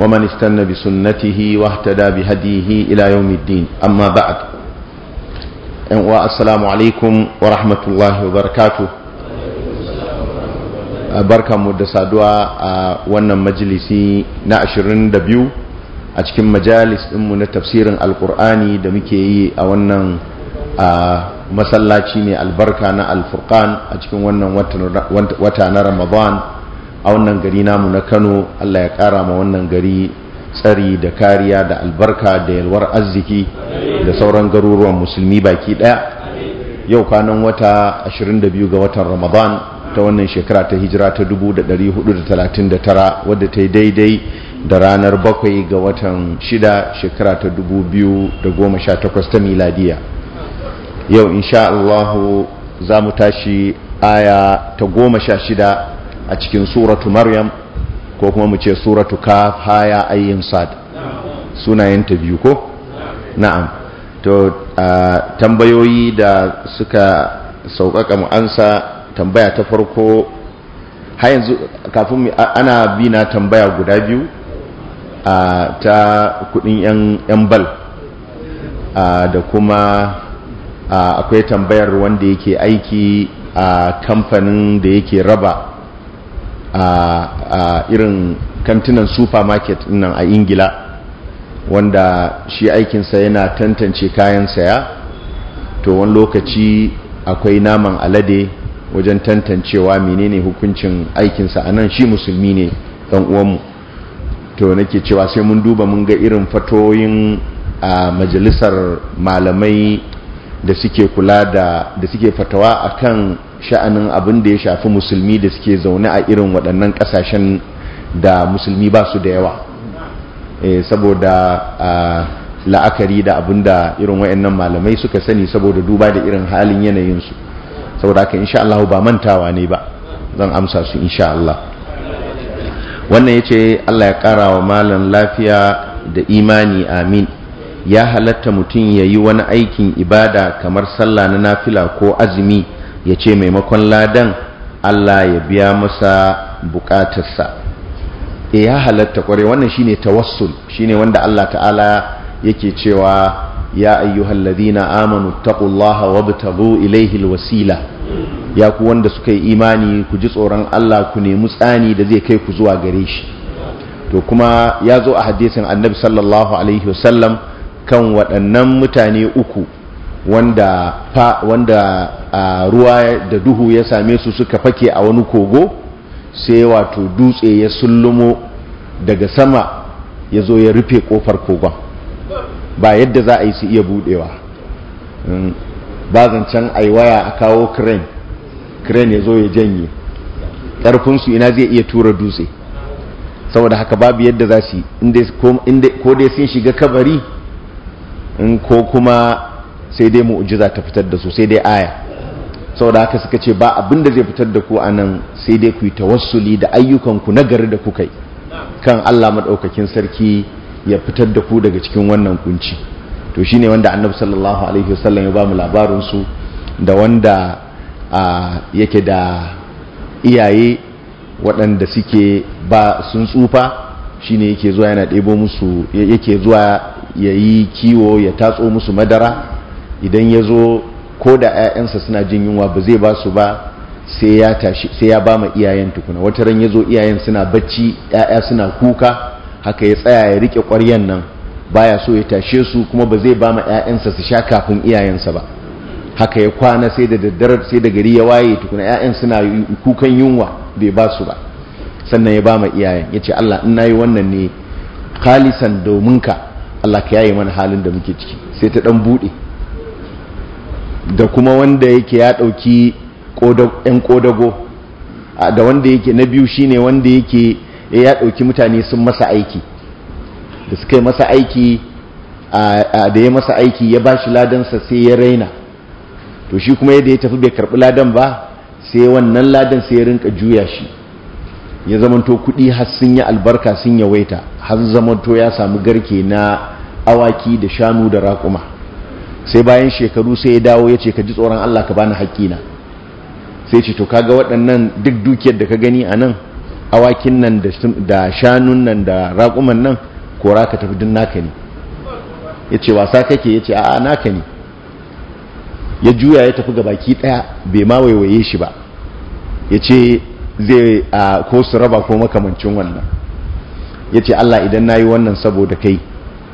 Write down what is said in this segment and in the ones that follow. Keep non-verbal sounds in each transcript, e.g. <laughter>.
ومن استنى بسنته واهتدى بهديه إلى يوم الدين أما بعد والسلام عليكم ورحمة الله وبركاته barka mu da saduwa a wannan majalisi na 22 a cikin majalis ɗinmu na tafsirin alkur'ani da muke yi a wannan masallaci mai albarka na alfurkan a cikin wannan wata na ramadan a wannan gari namu na kano allah ya kara ma wannan gari tsari da kariya da albarka da yalwar arziki da sauran garuruwan musulmi baki ɗaya. yau kwanan wata 22 ga watan ramadan ta wannan shekara ta hijira ta 1439 wadda ta yi daidai da ranar bakwai ga watan shida shekara ta 2018 ta miladiya yau insha Allahu za mu tashi aya ta goma sha shida a cikin suratu maryam ko kuma mu ce suratu kaf haya ayyin sad sunayen ta biyu ko na'am to tambayoyi da suka sauƙaƙa mu ansa tambaya ta farko har yanzu kafin ana bi na tambaya guda biyu ta kudin yan bal da kuma akwai tambayar wanda yake aiki a kamfanin da yake raba a irin kantinan supermarket nan a ingila wanda shi aikinsa yana tantance kayan saya to wani lokaci akwai naman alade wajen tantancewa menene hukuncin aikinsa a nan shi musulmi ne ɗan uwanmu to nake cewa sai mun duba mun ga irin fatoyin a majalisar malamai da suke kula da suke fatawa akan sha'anin abin da ya shafi musulmi da suke zaune a irin waɗannan ƙasashen da musulmi ba su da yawa eh, saboda la'akari da abin da irin wa'annan malamai suka sani saboda duba da irin halin yanayinsu saboda haka insha Allah ba mantawa ne ba zan amsa su insha Allah wannan ya ce Allah ya ƙara wa malam lafiya da imani amin ya halatta mutum ya yi wani aikin ibada kamar sallah na nafila ko azumi ya ce maimakon ladan Allah ya biya masa bukatarsa e ya halatta kware wannan shine tawassul shine wanda Allah ta'ala yake cewa ya ladina amanu taqullaha wabtagu ilayhi alwasila ya ku wanda suka yi imani ku ji tsoron Allah ku nemi tsani da zai kai ku zuwa gare shi to kuma ya zo a hadisin annabi sallallahu alaihi wasallam kan waɗannan mutane uku wanda fa wanda a ruwa da duhu ya same su suka fake a wani kogo sai wato dutse ya sullumo daga sama ya zo ya rufe kofar kogon ba yadda za a yi su iya budewa mm, ba zancen aiwaya a kawo crane crane ya zo ya janye ƙarfinsu ina zai iya tura dutse saboda haka babu yadda za su ko dai sun shiga kabari ko kuma sai dai mu'ujiza ta fitar da su sai dai aya saboda haka suka ce ba abin da zai fitar da ku a nan sai dai ku yi tawassuli da ayyukanku na gari da kuka yi kan Allah maɗaukakin sarki ya fitar da ku daga cikin wannan kunci to shi ne wanda annabi sallallahu alaihi wasallam ya ba mu labarinsu da wanda yake da iyaye waɗanda suke ba sun tsufa shi ne yake zuwa yana ɗebo musu yake zuwa ya yi kiwo ya tatso musu madara idan ya zo ko da 'ya'yansa suna jin yunwa ba zai ba su ba sai ya tashi sai bama iyayen tukuna wata ran ya zo iyayen suna bacci 'ya'ya suna kuka haka ya tsaya ya rike ƙwaryan nan baya so ya tashe su kuma ba zai ba bama 'ya'yansa su sha kafin iyayensa ba haka ya kwana sai da daddare sai da gari ya waye tukuna 'ya'yan suna kukan yunwa bai ba su ba sannan ya ba bama iyayen yace Allah in nayi wannan ne khalisan domin ka Allah ka yaye mana halin da muke ciki sai ta dan bude da kuma wanda yake ya ɗauki ‘yan ƙodago da wanda yake na biyu shine wanda yake eh, ya ɗauki mutane sun masa aiki da suka yi masa aiki da ya masa aiki ya ba shi ladansa sai ya raina to shi kuma yadda ya tafi bai karɓi ladan ba sai wannan ladan sai ya rinka juya shi ya zamanto kuɗi har sun yi albarka sun yawaita har zamanto ya samu garke na awaki da shanu da raƙuma sai bayan shekaru sai ya dawo ya ce ka ji tsoron Allah ka bani haƙƙina sai ce to kaga waɗannan duk dukiyar da ka gani a nan awakin nan da shanun nan da raƙuman nan kora ka tafi duk naka ne ya ce wasa kake ya ce a naka ne ya juya ya tafi gabaki ɗaya bai ma waiwaye shi ba ya ce zai ko su raba ko makamancin wannan ya ce Allah idan na yi wannan saboda kai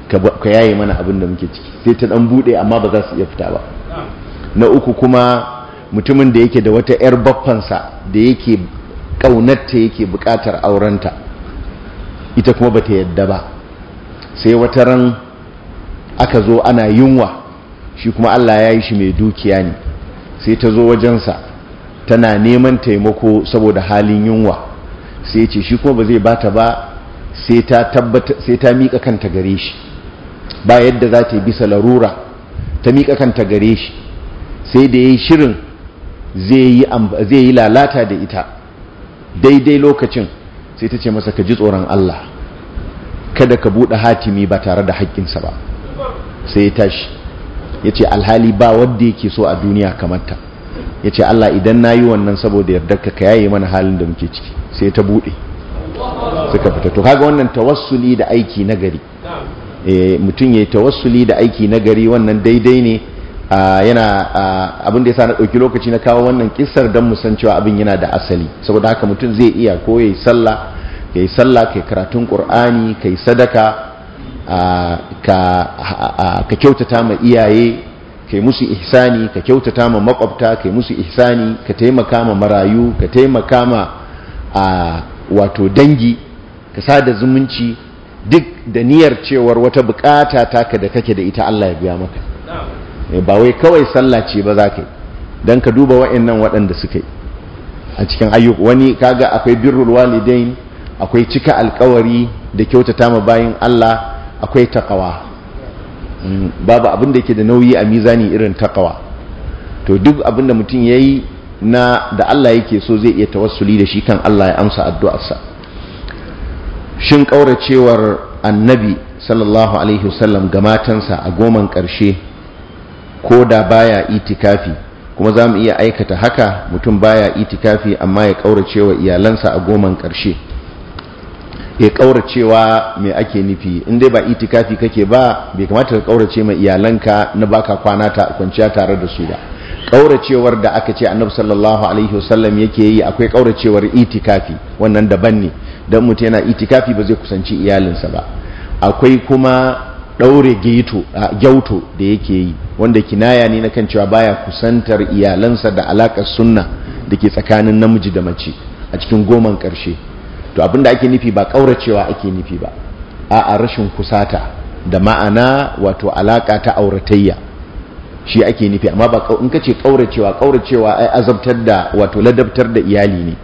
ka yaye mana abin da muke ciki sai ta dan bude amma ba za su iya fita ba na uku kuma mutumin da yake da wata yar baffansa da yake kaunarta yake bukatar aurenta ita kuma bata yadda ba sai wata ran aka zo ana yunwa shi kuma Allah ya yi shi mai dukiya ne sai ta zo wajensa tana neman taimako saboda halin yunwa sai ce shi kuma ba zai bata ba sai ta mika kanta gare shi ba yadda za ta yi bisa larura ta miƙa kanta gare shi sai da ya yi shirin zai yi lalata da ita daidai lokacin sai ta ce masa ka ji tsoron Allah kada ka buɗe hatimi ba tare da haƙƙinsa ba sai ya tashi ya ce alhali ba wadda yake so a duniya kamarta. ya ce Allah idan na yi wannan saboda yarda ka yaye mana halin da muke ciki sai ta buɗe suka fita to kaga wannan tawassuli da aiki na gari Eh, mutum ya yi tawassuli da aiki na gari wannan daidai ne yana abin da ya sa na ɗauki lokaci na kawo wannan kisar don musan cewa abin yana da asali saboda haka mutum zai iya ko ya yi sallah ka yi sallah ka yi karatun ƙur'ani ka yi sadaka ka kyautata ma iyaye ka yi musu ihsani ka kyautata ma makwabta ka yi musu ihsani ka taimaka ma marayu ka taimaka ma wato dangi ka sada zumunci duk da niyyar cewar wata bukata taka da kake da ita Allah ya biya maka eh, ba wai kawai sallah ce ba za ka yi don ka duba wa'annan waɗanda suka yi a cikin ayyuk wani kaga akwai birrul walidain akwai cika alkawari da kyautata ma bayin Allah akwai takawa mm, babu abin da yake da nauyi a mizani irin takawa to duk abin da mutum yayi na da Allah yake so zai iya tawassuli da shi kan Allah ya amsa addu'arsa shin ƙauracewar annabi sallallahu alaihi wasallam ga matansa a goman ƙarshe ko da baya itikafi kuma za mu iya aikata haka mutum baya itikafi amma ya ƙauracewa iyalansa a goman ƙarshe ya ƙauracewa me ake nufi in dai ba itikafi kake ba bai kamata ka ƙaurace ma iyalanka na baka kwana ta kwanciya tare da su ba ƙauracewar da aka ce annabi sallallahu alaihi wasallam yake yi akwai ƙauracewar itikafi wannan daban ne don mutum yana itikafi ba zai kusanci iyalinsa ba akwai kuma ɗaure gyauto da yake yi wanda kinaya ne na kan cewa baya kusantar iyalansa da alakar sunna da ke tsakanin namiji da mace a cikin goman ƙarshe to abinda ake nufi ba ƙauracewa ake nufi ba a rashin kusata da ma'ana wato alaƙa ta auratayya shi ake nufi amma ba in ka ce ƙauracewa ƙauracewa ai azabtar da wato ladabtar da iyali ne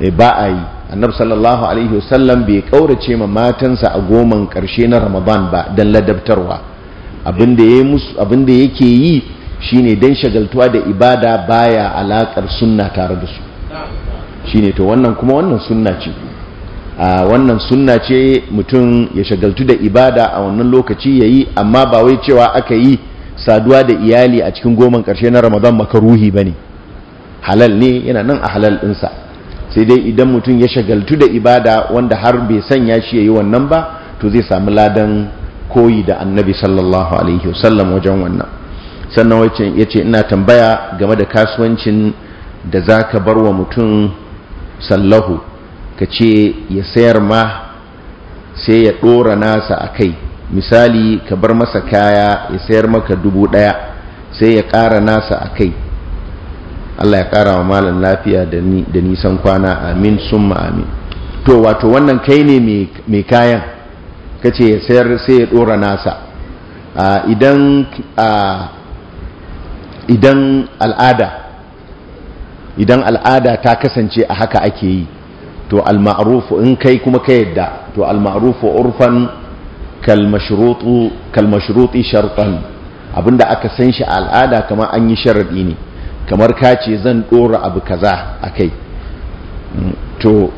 eh, ba a yi annabi sallallahu alaihi wasallam bai kaurace ma matansa a goman karshe na ramadan ba dan ladabtarwa abinda yayi musu abinda yake yi shine dan shagaltuwa da ibada baya alakar sunna tare da su shine to wannan kuma wannan sunna ce a wannan sunna ce mutum ya shagaltu da ibada a wannan lokaci yayi amma ba wai cewa aka yi saduwa da iyali a cikin goman karshe na ramadan makaruhi ne. halal ne yana nan a halal ɗinsa sai dai idan mutum ya shagaltu da ibada wanda har bai sanya shi ya yi wannan ba to zai sami ladan koyi da annabi sallallahu alaihi wasallam wajen wannan sannan wacce yace ina tambaya game da kasuwancin da za ka bar wa mutum sallahu ka ce ya sayar ma sai ya ɗora nasa a kai misali ka bar masa kaya ya sayar maka dubu ɗaya sai ya ƙara nasa a kai Allah ya kara wa malam lafiya da nisan kwana amin summa amin to wato wannan kai ne mai kayan kace ya sayar sai ya dora nasa idan al'ada idan al'ada ta kasance a haka ake yi to al in kai kuma ka yadda to al-ma'ruf urfan kalmashirutu mashrutu shartan abinda aka san shi al'ada kamar an yi sharadi ne kamar ka ce zan ɗora abu kaza a kai mm, to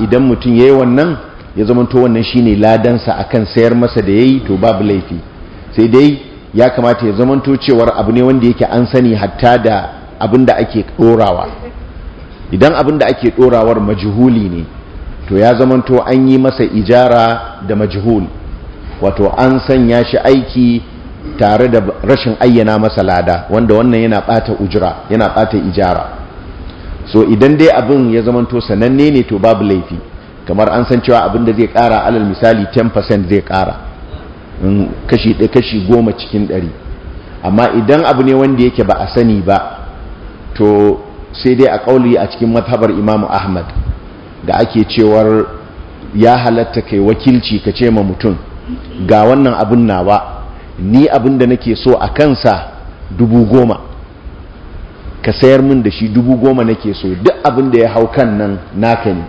idan mutum ya yi wannan ya zamanto wannan shine ladansa akan sayar masa da ya yi to babu laifi sai dai ya kamata ya zamanto cewar abu ne wanda yake an sani hatta da abin da ake ɗorawa idan abin da ake ɗorawar majihuli ne to ya zamanto an yi masa ijara da majihul wato an sanya shi aiki tare da rashin ayyana masa lada wanda wannan yana bata ujira yana bata ijara so idan dai abin ya zamanto sananne ne to babu laifi kamar an san cewa abin da zai kara alal misali 10% zai kara kashi da kashi goma cikin ɗari amma idan abu ne wanda yake ba a sani ba to sai dai a kauli a cikin mazhabar imamu ahmad da ake cewar ya halatta kai wakilci ka ce ma mutum ga wannan abin nawa ni abin da nake so a kansa dubu goma ka sayar min da shi dubu goma nake so duk abin da ya hau kan nan naka ne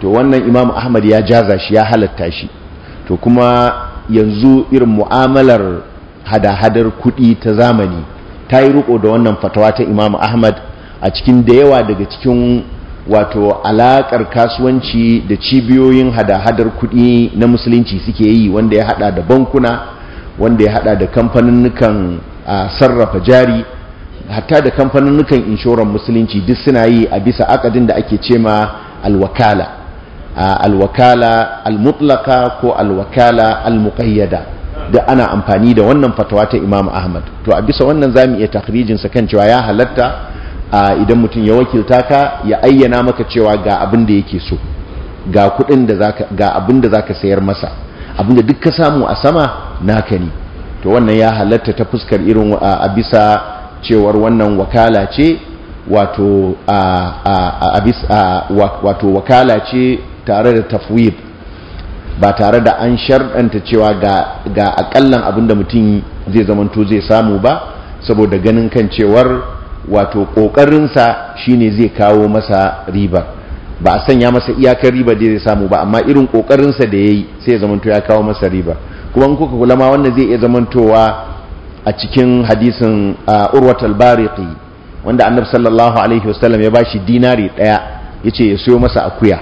to wannan imam ahmad ya jaza shi ya halatta shi to kuma yanzu irin mu'amalar hada-hadar kuɗi ta zamani ta yi riko da wannan fatawa ta imam ahmad a cikin da yawa daga cikin wato alaƙar kasuwanci da cibiyoyin hada-hadar kuɗi na musulunci suke yi wanda ya hada da bankuna wanda ya hada da a sarrafa jari hatta da nukan inshoran musulunci duk suna yi a bisa akadin da ake ce ma alwakala alwakala almutlaka ko alwakala almukayyada da ana amfani da wannan fatawa ta Imam Ahmad to a bisa wannan zamu iya takhrijin sa kan cewa ya halatta idan mutum ya wakilta ka ya ayyana maka cewa ga abin da yake so ga abin da zaka ga zaka sayar masa abinda duk ka samu a sama naka ne to wannan ya halatta ta fuskar irin a bisa cewar wannan wakala ce wato wato wakala ce tare da tafwid ba tare da an sharɗanta cewa ga ga akallan abinda mutum zai zamanto zai samu ba saboda ganin kan cewar wato ƙoƙarinsa shine zai kawo masa ribar ba a sanya masa iyakar riba da zai samu ba amma irin kokarinsa da ya yi sai ya zamanto ya kawo masa riba kuma in kuka kula ma wannan zai iya zamantowa a cikin hadisin urwat al wanda annabi sallallahu alaihi wasallam ya bashi dinari daya ce ya siyo masa akuya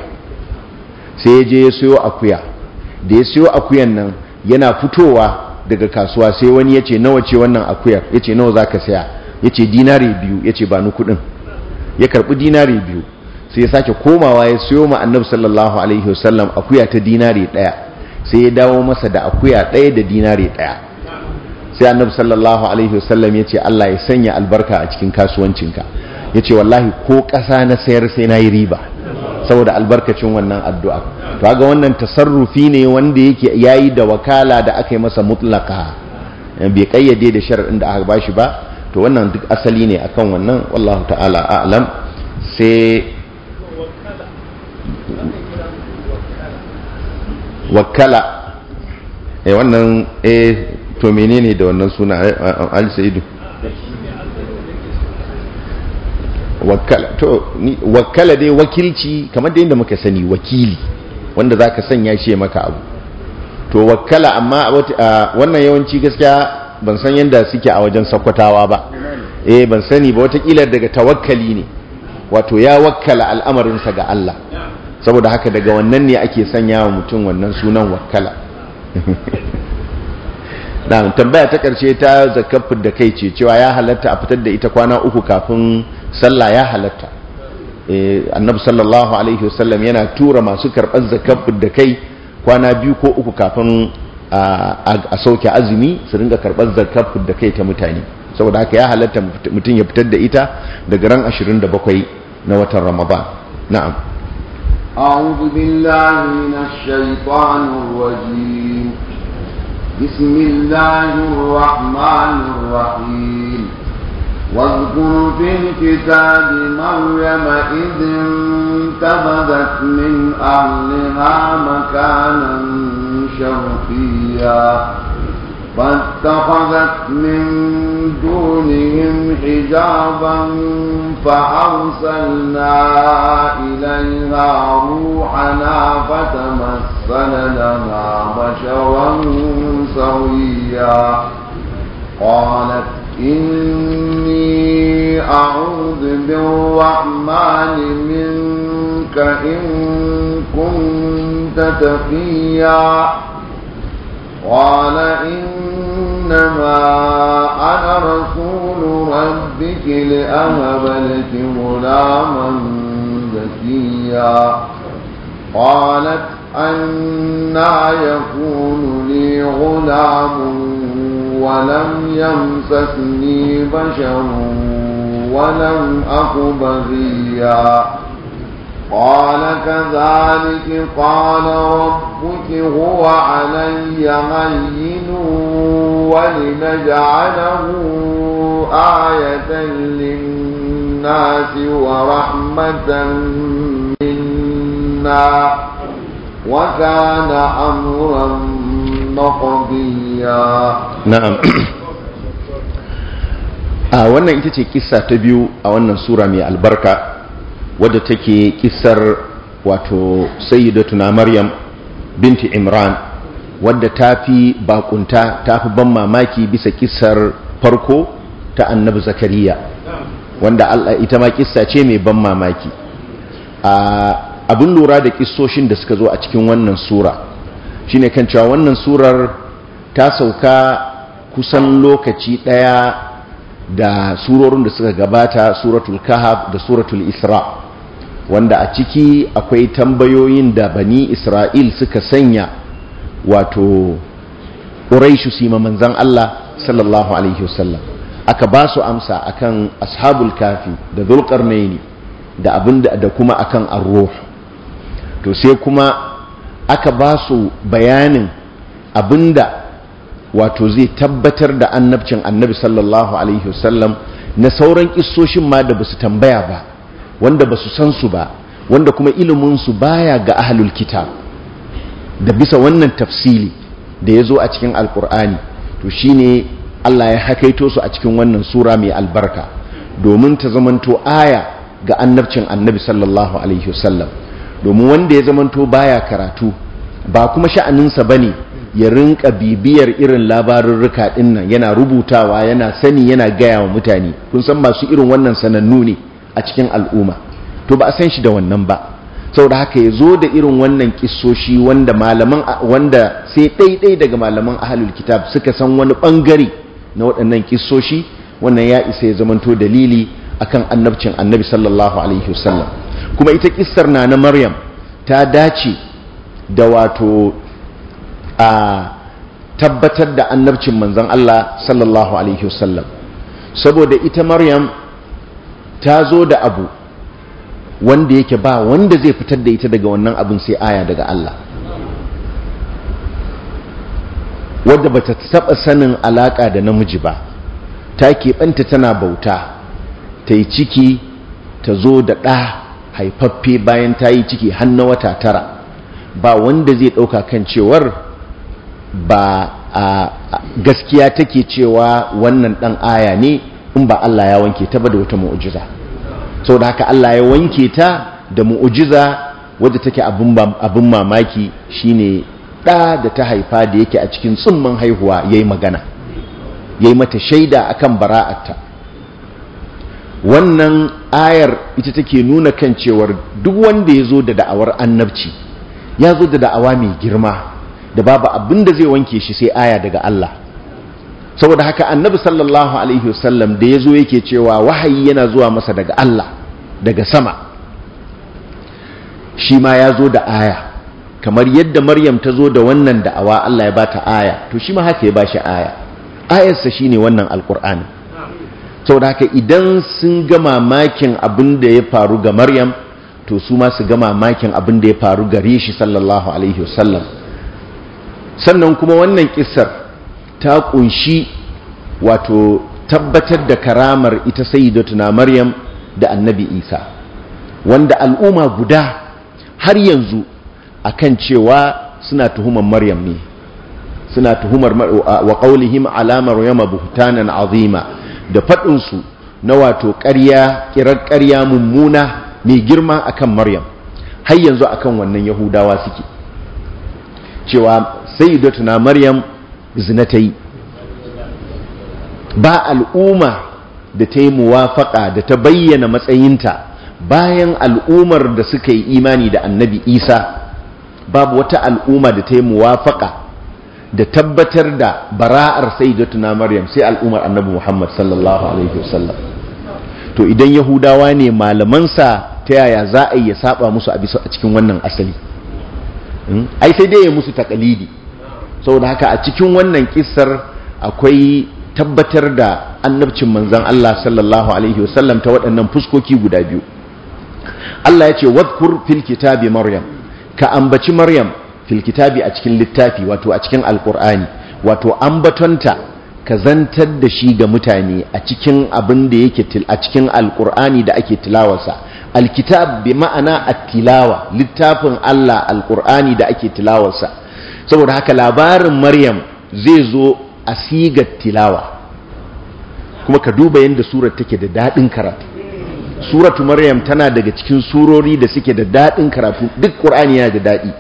sai ya je ya siyo akuya da ya siyo akuyan nan yana fitowa daga kasuwa sai wani ya ce nawa ce wannan akuyar Ya ce nawa za ka saya Ya ce dinari biyu Ya ce ba ni kudin ya karɓi dinari biyu sai ya sake komawa ya siyo ma annabi sallallahu alaihi wasallam akuya ta dinari daya sai ya dawo masa da akuya daya da dinari daya sai annabi sallallahu alaihi wasallam ya ce Allah ya sanya albarka a cikin kasuwancinka ya ce wallahi ko ƙasa na sayar sai na yi riba saboda albarkacin wannan addu'a to ga wannan tasarrufi ne wanda yake yayi da wakala da aka yi masa mutlaka bai kayyade da sharaɗin da aka bashi ba to wannan duk asali ne akan wannan wallahu ta'ala a'lam sai wakala eh wannan eh to menene da wannan suna eh, eh, eh, al sa'idu wakala to wakala dai wakilci kamar da inda muka sani wakili wanda za ka sanya shi maka abu to wakala amma wannan yawanci gaskiya ban san yadda suke a wajen sakwatawa ba eh ban sani ba watakila daga tawakkali ne wato ya wakala al'amarinsa ga Allah saboda haka daga wannan ne ake sanya wa mutum wannan sunan wakala <laughs> na tambaya ta karshe ta zakafu da kai ce cewa ya halatta a fitar da ita kwana uku kafin sallah ya halatta eh, annabi sallallahu alaihi wasallam yana tura masu karɓar zakafu da kai kwana biyu ko uku kafin a sauke azumi su ringa karɓar zakafu da kai ta mutane saboda haka ya halatta mutum ya fitar da ita daga ran 27 na watan ramadan na'am أعوذ بالله من الشيطان الرجيم بسم الله الرحمن الرحيم واذكر في الكتاب مريم إذ انتبذت من أهلها مكانا شرقيا فاتخذت من دونهم حجابا فأرسلنا إليها روحنا فتمثل لنا بشرا سويا قالت إني أعوذ بالرحمن منك إن كنت تقيا قال إنما أنا رسول ربك لأهب لك غلاما زكيا قالت أنا يكون لي غلام ولم يمسسني بشر ولم أك بغيا قال كذلك قال ربك هو علي مين ولنجعله آية للناس ورحمة منا وكان أمرا مقضيا نعم a wannan ita ce kissa ta biyu a wannan sura mai albarka wadda take kisar wato sayyidatuna maryam binti imran wadda ta fi bakunta ta fi ban mamaki bisa kisar farko ta annabi zakariya wanda Allah ita ma kissa ce mai ban mamaki abin lura da kissoshin da suka zo a cikin wannan sura shine kan cewa wannan surar ta sauka kusan lokaci daya da surorin da suka gabata suratul kahab da suratul isra wanda a ciki akwai tambayoyin da bani isra'il suka sanya wato ƙuraishu sima manzan Allah sallallahu alaihi wasallam aka ba su amsa akan ashabul kafi da zulƙarnaini da abin da kuma akan arruh to sai kuma aka ba su bayanin da wato zai tabbatar da annabcin annabi sallallahu alaihi wasallam na sauran kissoshin ma da ba su tambaya ba wanda ba su san su ba wanda kuma iliminsu baya ga ahalul kitab da bisa wannan tafsili da ya zo a cikin alkur'ani to shi ne allah ya hakaito su a cikin wannan sura mai albarka domin ta zamanto aya ga annabcin annabi sallallahu alaihi wasallam domin wanda ya zamanto baya karatu ba kuma sha'aninsa ba ne ya rinka bibiyar irin labarurruka ɗin nan yana rubutawa yana sani yana gaya wa mutane kun san masu irin wannan sanannu ne a cikin al'umma to ba a san shi da wannan ba saboda haka ya zo da irin wannan kisoshi wanda malaman wanda sai ɗaiɗai daga malaman ahalul kitab suka san wani ɓangare na waɗannan kisoshi wannan ya isa ya zamanto dalili akan annabcin annabi sallallahu alaihi wasallam kuma ita kissar na na maryam ta dace da wato a tabbatar da annabcin manzon Allah sallallahu alaihi wasallam saboda ita maryam ta zo da abu wanda yake ba wanda zai fitar da ita daga wannan abin sai aya daga Allah wadda bata taba sanin alaka da namiji ba ta keɓanta tana bauta ta yi ciki ta zo da ɗa haifaffe bayan ta yi ciki hannu wata tara ba wanda zai ɗauka kan cewar ba a gaskiya take cewa wannan ɗan aya ne in ba Allah ya wanke ta ba da wata mu'ujiza da haka Allah ya wanke ta da mu'ujiza wadda take abin mamaki shine ɗa da ta haifa da yake a cikin tsumman haihuwa ya yi magana ya yi mata shaida a kan bara'arta wannan ayar ita take nuna kan cewar duk wanda ya zo da da'awar annabci ya zo da da'awa mai girma da babu abin da zai wanke shi sai aya daga Allah saboda haka annabi sallallahu alaihi wasallam da ya zo yake cewa wahayi yana zuwa masa daga Allah daga sama shi ma ya da aya kamar yadda maryam ta zo da wannan da'awa Allah ya bata aya to shi ma haka ya bashi aya ayarsa shine wannan alkur'ani saboda haka idan sun ga mamakin abin da ya faru ga maryam to su ma su ga mamakin abin da ya faru gare shi sallallahu alaihi wasallam sannan kuma wannan kissar ta kunshi wato tabbatar da karamar ita na maryam da annabi isa wanda al'umma guda har yanzu akan cewa suna tuhumar maryam ne suna tuhumar wa qaulihim alamar maryama buhtanan azima da fadin su na wato ƙarya kirar ƙarya mummuna mai girma akan maryam har yanzu akan wannan yahudawa suke cewa na maryam zina ta yi ba al'umma da ta yi muwafaƙa da ta bayyana matsayinta bayan al'ummar da suka yi imani da annabi isa babu wata al'umma da ta yi muwafaƙa da tabbatar da bara'ar sai na maryam sai al'ummar annabi muhammad sallallahu alaihi wasallam to idan yahudawa ne malamansa ta yaya za a yi ya saba musu a cikin wannan asali hmm? ai sai dai ya musu takalidi saboda haka a cikin wannan kisar, akwai tabbatar da annabcin manzan Allah sallallahu alaihi wasallam ta waɗannan fuskoki guda biyu Allah ya ce wadkur fil maryam ka ambaci maryam filkitabi a cikin littafi wato a cikin Alƙur'ani wato ambatonta ka zantar da shi ga mutane a cikin abin da yake a cikin alkur'ani da ake tilawarsa alkitab bi ma'ana at-tilawa littafin Allah (ALKUR'ANI) da ake tilawarsa saboda haka labarin maryam zai zo a sigar tilawa kuma ka duba yadda surar take da daɗin karatu suratu maryam tana daga cikin surori da suke da daɗin karatu duk ƙur'ani yana da daɗi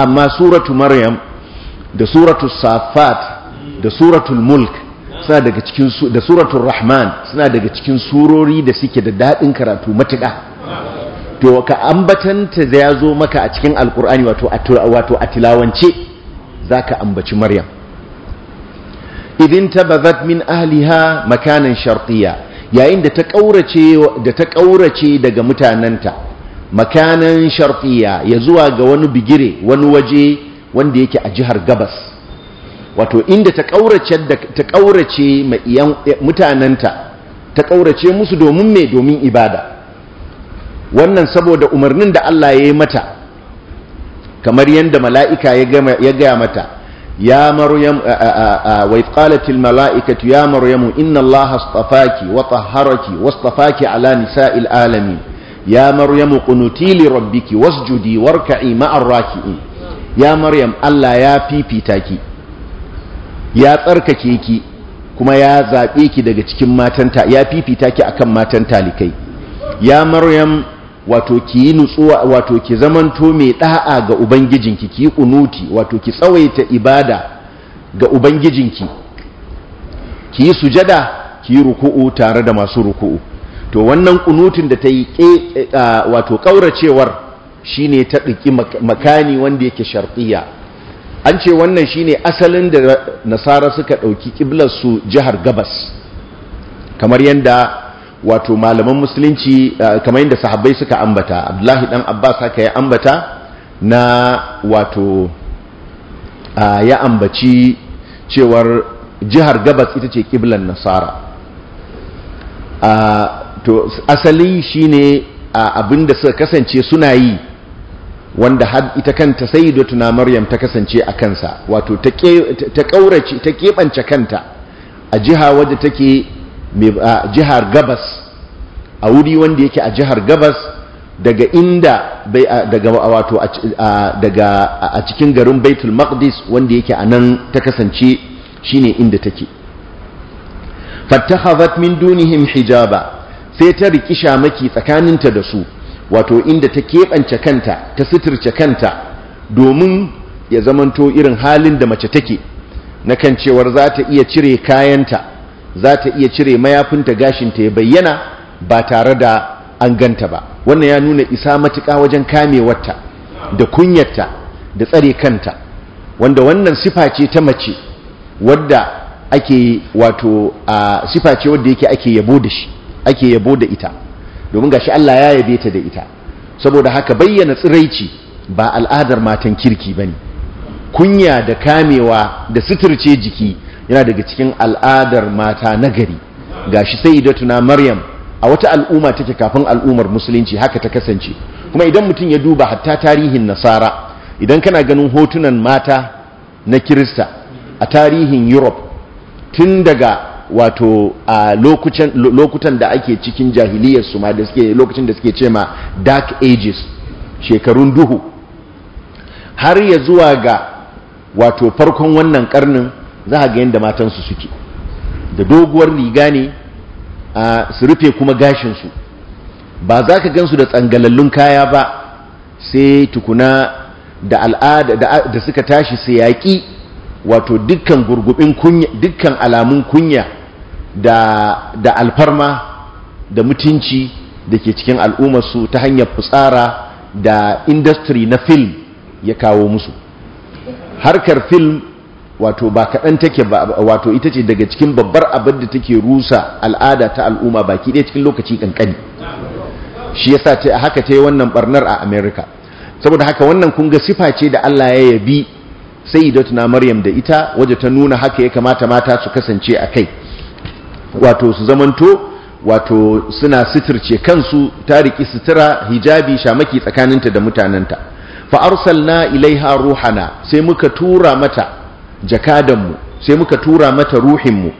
amma suratu maryam da suratu safat da suratul mulk da suratul rahman suna daga cikin surori da suke da daɗin karatu matuƙa to ka ambatanta ya zo maka a cikin alƙur'ani wato a tilawance za ka ambaci maryam idin tabazat min ahliha makanan sharqiya yayin da ta ƙaurace da ta ƙaurace daga mutanenta, makanan sharqiya ya zuwa ga wani bigire wani waje wanda yake a jihar gabas wato inda ta ƙaurace ta ta ƙaurace musu domin me domin ibada wannan saboda umarnin da Allah ya yi mata kamar yadda mala'ika ya gaya mata ya maryam wa qalatil mala'ikatu ya maryamu inna allaha astafaki wa taharaki wastafaki ala nisa'il alamin ya maryam qunuti li rabbiki wasjudi warka'i ma'ar raki'in ya maryam Allah ya fifita ki ya tsarkake ki kuma ya zabe ki daga cikin matanta ya fifita ki akan matan talikai ya maryam wato ki yi nutsuwa wato ki zamanto mai da'a ga ubangijinki ki yi kunuti wato ki tsawaita ibada ga ubangijinki ki yi sujada ki yi ruku'u tare da masu ruku'u to wannan kunutin da ta yi eh, wato kauracewar ne ta ɗiki makani wanda yake sharɗiya an ce wannan shi ne asalin da nasara suka ɗauki su jihar gabas kamar yadda wato malaman musulunci kamar yadda sahabbai suka ambata abdullahi dan abbas haka ya ambata na wato ya ambaci cewar jihar gabas ita ce kiblan nasara to asali shine abinda suka kasance suna yi wanda had ita kanta sayyidatuna maryam ta kasance a kansa wato ta ta ta kebance kanta a jiha wadda take a jihar gabas a wuri wanda yake a jihar gabas daga inda daga wato a cikin garin baitul maqdis wanda yake a nan ta kasance shine inda take fattakhazat min dunihim hijaba sai ta riki shamaki tsakaninta da su wato inda ta keɓance kanta ta suturce kanta domin ya zamanto irin halin da mace take na kan cewar za ta iya cire kayanta za ta iya cire mayafinta gashinta ya bayyana ba tare da an ganta ba wannan ya nuna isa matuƙa wajen kamewarta da kunyarta da tsare kanta wanda wannan sifa ce ta mace wadda ake wato a sifa ce wadda yake ake yabo da shi ake yabo da ita domin gashi Allah ya yabe ta da ita saboda haka bayyana tsiraici ba al'adar matan kirki bane kunya da kamewa da suturce jiki yana daga cikin al'adar mata nagari gashi sai idatuna maryam a wata al'umma take kafin al'ummar musulunci haka ta kasance kuma idan mutum ya duba hatta tarihin nasara idan kana ganin hotunan mata na kirista a tarihin europe tun daga wato a lokutan da ake cikin jahiliyar su ma da suke lokacin da suke ce ma dark ages shekarun duhu har ya zuwa ga wato farkon wannan karnin za a ga yadda matansu suke da doguwar riga ne a su rufe kuma gashinsu ba za ka gansu da tsangalallun kaya ba sai tukuna da al'ada da suka tashi sai yaƙi wato dukkan gurgubin kunya dukkan alamun kunya da alfarma da mutunci da ke cikin al'ummarsu ta hanyar fitsara da industry na film ya kawo musu harkar film wato ba kaɗan take ba wato ita ce daga cikin babbar abin da take rusa al'ada ta al'umma baki ɗaya cikin lokaci ƙanƙani shi yasa ce haka ta yi wannan barnar a Amerika. saboda haka wannan kun ga sifa ce da allah ya yabi sai na maryam da ita waje ta nuna haka ya kamata mata su kasance a kai wato su zamanto wato suna sitirce kansu ta riki sitira hijabi shamaki tsakaninta da mutanenta fa arsalna ilaiha ruhana sai muka tura mata jakadanmu sai muka tura mata ruhinmu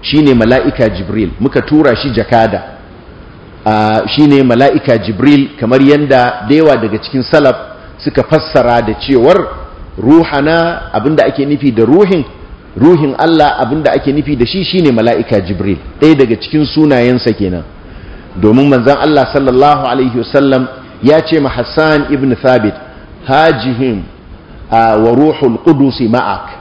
shine mala'ika jibril muka tura shi jakada shine mala'ika jibril kamar yadda yawa daga cikin salaf suka fassara da cewar ruhana abinda ake nufi da ruhin ruhin Allah abinda ake nufi da shi shine mala'ika jibril ɗaya daga cikin sunayensa kenan domin manzon Allah sallallahu alaihi wasallam ya ce ma Hassan ibn Thabit hajihim wa ruhul ƙudusi ma'ak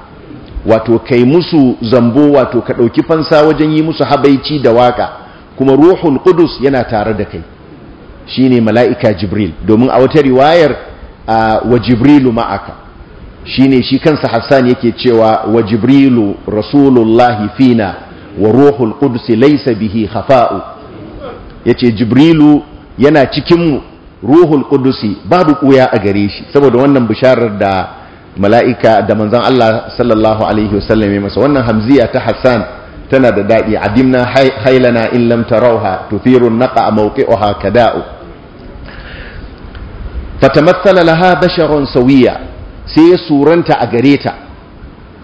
wato kai musu zambo wato ka ɗauki fansa wajen yi musu habaici da waka kuma ruhun kudus yana tare da kai shine mala'ika jibril domin a wata riwayar wa jibrilu ma'aka shine shi kansa hassan yake cewa wa jibrilu rasulullahi fina wa ruhun kudus laisa bihi ya yace jibrilu yana cikin ruhun kudus babu kuya a gare shi saboda wannan bisharar da mala'ika da manzan Allah sallallahu alaihi wasallam ya masa wannan hamziya ta Hassan tana da daɗi adimna hailana in lam tarawha tuthiru naqa mawqi'uha kada'u fatamathala laha basharun sawiya sai ya suranta a gare ta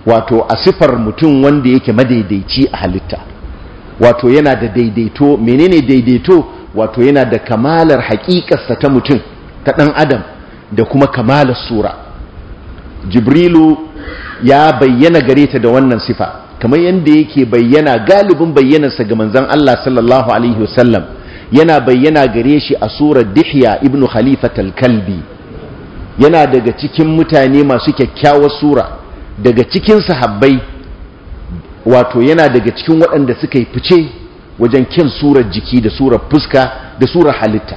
wato a sifar mutum wanda yake madaidaici a halitta wato yana da daidaito menene daidaito wato yana da kamalar haƙiƙarsa ta mutum ta ɗan adam da kuma kamalar sura jibrilu ya bayyana gare ta da wannan sifa kamar yadda yake bayyana galibin bayyanarsa ga manzan Allah sallallahu alaihi wasallam yana bayyana gare shi a surar dihya ibnu khalifat kalbi yana daga cikin mutane masu kyakkyawar sura daga cikin sahabbai wato yana daga cikin waɗanda suka yi fice wajen kyan surar jiki da surar fuska da surar halitta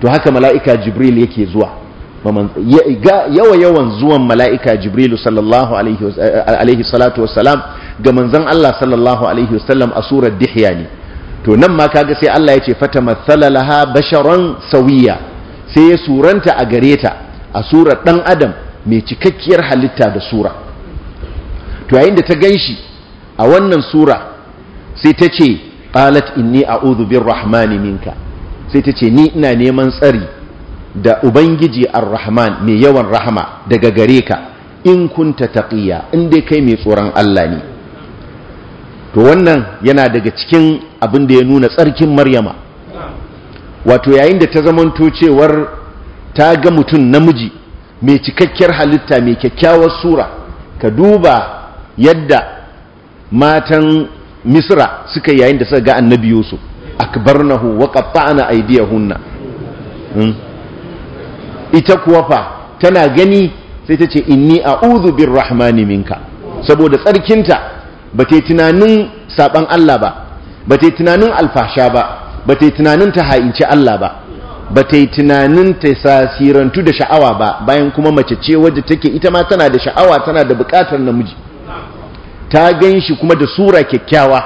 to haka mala'ika jibril yake zuwa yawa yawan zuwan mala'ika jibrilu sallallahu alaihi eh, salatu wasalam ga manzan Allah sallallahu alaihi wasallam a surar dihya ne to nan ma kaga sai Allah ya ce fata matsala ha basharon sauyiya sai ya suranta a gare ta a surar ɗan adam mai cikakkiyar halitta da sura to yayin da ta gan shi a wannan sura sai ta ce ƙalat inni a bir rahmani minka sai ta ce ni ina neman tsari da ubangiji ar-rahman mai yawan rahama daga gare ka in kunta taqiya in dai kai mai tsoron Allah ne to wannan yana daga cikin abin da ya nuna tsarkin maryama wato yayin da ta zamanto cewar ta ga mutum namiji mai cikakkiyar halitta mai kyakkyawar sura ka duba yadda matan misra suka yayin da suka ga annabi yusuf akbarnahu wa qatta'na aydiyahunna hmm? ita kuwa fa tana gani sai ta ce inni a'udhu birrahmani minka saboda tsarkinta ba ta tunanin saban Allah ba ba ta tunanin alfasha ba ba ta tunanin ta ha'ince Allah ba ba ta tunanin ta sasirantu da sha'awa ba bayan kuma mace ce wadda take ita ma tana da sha'awa tana da bukatar namiji ta gan shi kuma da sura kyakkyawa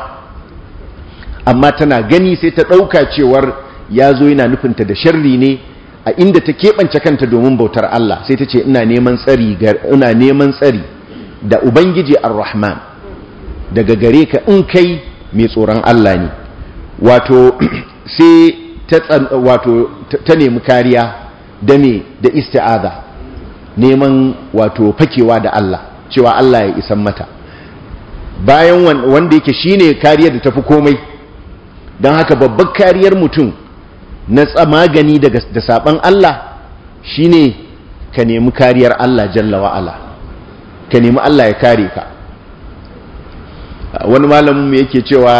amma tana gani sai ta ɗauka cewar ya zo yana nufinta da sharri ne a inda ta keɓance kanta domin bautar Allah sai ta ce ina neman tsari ina neman tsari da ubangiji ar-rahman daga gare ka in kai mai tsoron Allah ne wato <clears throat> sai ta wato ta nemi kariya da me da isti'aza neman wato fakewa da Allah cewa Allah ya isan mata bayan wanda yake shine kariyar da tafi komai don haka babbar kariyar mutum na magani da saban Allah shi ne ka nemi kariyar Allah jalla wa'ala ka nemi Allah ya kare ka uh, wani malamin mu yake cewa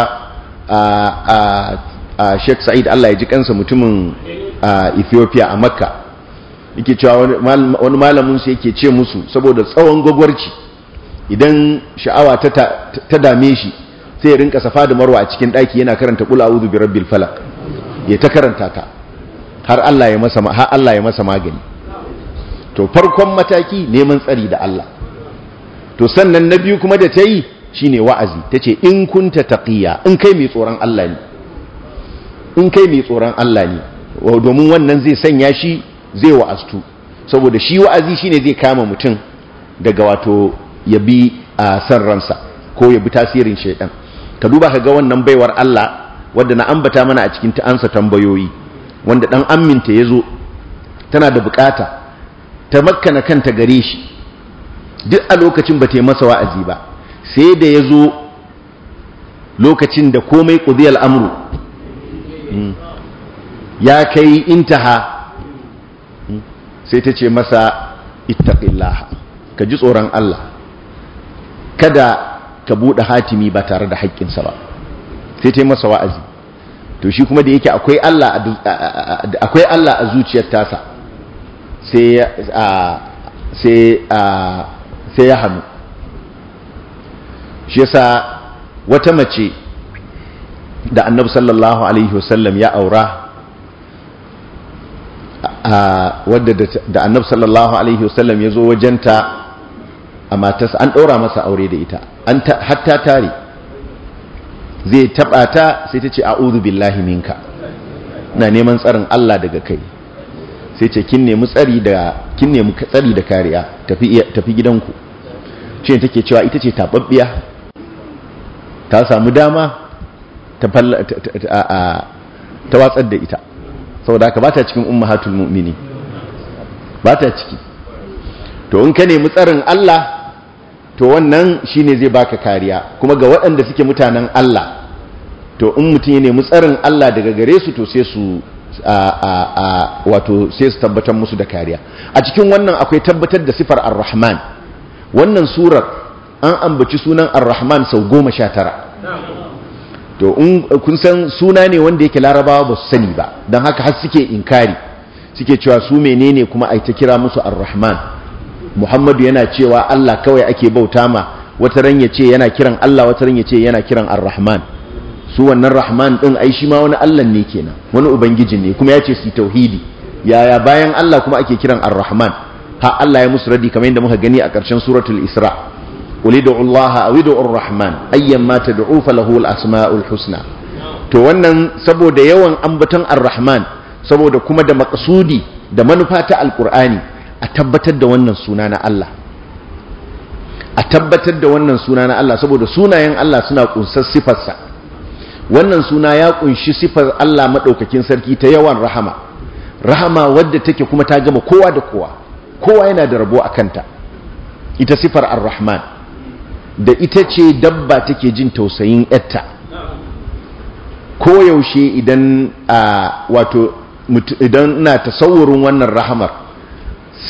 a uh, uh, Sheikh Sa'id Allah ya ji kansa mutumin Ethiopia a Makka yake cewa wani malamin su yake ce musu saboda tsawon gwagwarci idan sha'awa ta dame shi sai ya rinka safa da marwa a cikin daki yana karanta kula bi rabbil falak ya ta karanta ta har Allah ya masa magani to farkon mataki neman tsari da Allah to sannan na biyu kuma da ta yi shine wa'azi tace in kunta taqiya in kai mai tsoron Allah ne in kai mai tsoron Allah ne domin wannan zai sanya shi zai wa'astu saboda shi wa'azi shine zai kama mutum daga wato ya bi a san ransa ko ya bi tasirin shaidan ka duba ka ga wannan baiwar Allah wadda na ambata mana a cikin ta'ansa tambayoyi wanda ɗan amminta ya zo tana da bukata ta makkana kanta gare shi duk a lokacin ba ta yi masa wa'azi ba sai da ya zo lokacin da komai ƙudiyar amuru hmm, ya kai intaha hmm, sai ta ce masa ittaqillaha ka ji tsoron Allah kada ka buɗe hatimi ba tare da haƙƙinsa ba sai ta yi masa wa'azi to shi kuma da yake akwai Allah akwai Allah a zuciyar tasa sai ya hannu shi yasa wata mace da annabu sallallahu alaihi wasallam ya aura wadda da annabu sallallahu alaihi wasallam ya zo wajenta a matasa an ɗora masa aure da ita hatta tare zai taba ta sai ta ce a'udhu billahi minka ina neman tsarin Allah daga kai sai ce kin nemi tsari da kariya tafi tafi gidanku ce take cewa ita ce tababbiya ta samu dama ta watsar da ita saboda haka ta cikin ummahatul mu'mini ta ciki to in ka nemi tsarin Allah to wannan shi ne zai baka kariya kuma ga waɗanda suke mutanen Allah to in mutum ya nemi tsarin Allah daga gare su to sai su wato sai su tabbatar musu da kariya a cikin wannan akwai tabbatar da sifar ar-rahman wannan surar an ambaci sunan ar-rahman sau goma sha tara to kun san suna ne wanda yake larabawa ba su sani ba don haka har suke inkari suke cewa su menene kuma a ta kira musu ar-rahman muhammadu yana cewa Allah kawai ake bauta ma wata ran ya ce yana kiran Allah wata ran ya ce yana kiran arrahman rahman su wannan rahman din ai shi ma wani Allah ne kenan wani ubangiji ne kuma ya ce su tauhidi yaya bayan Allah kuma ake kiran arrahman rahman ha Allah ya musu radi kamar yadda muka gani a ƙarshen suratul isra qul ud'u Allah aw ud'u ar ayyan ma tad'u falahu al-asma'ul husna to wannan saboda yawan ambaton arrahman rahman saboda kuma da maqsudi da manufa ta alqur'ani a tabbatar da wannan suna na Allah a tabbatar da wannan suna na Allah saboda sunayen Allah suna kunsar sifarsa wannan suna ya kunshi sifar Allah madaukakin sarki ta yawan rahama rahama wadda take kuma ta gama kowa da kowa kowa yana da rabo a kanta ita sifar ar-rahman da ita ce dabba take jin tausayin yatta koyaushe idan wato idan na tasawurin wannan rahamar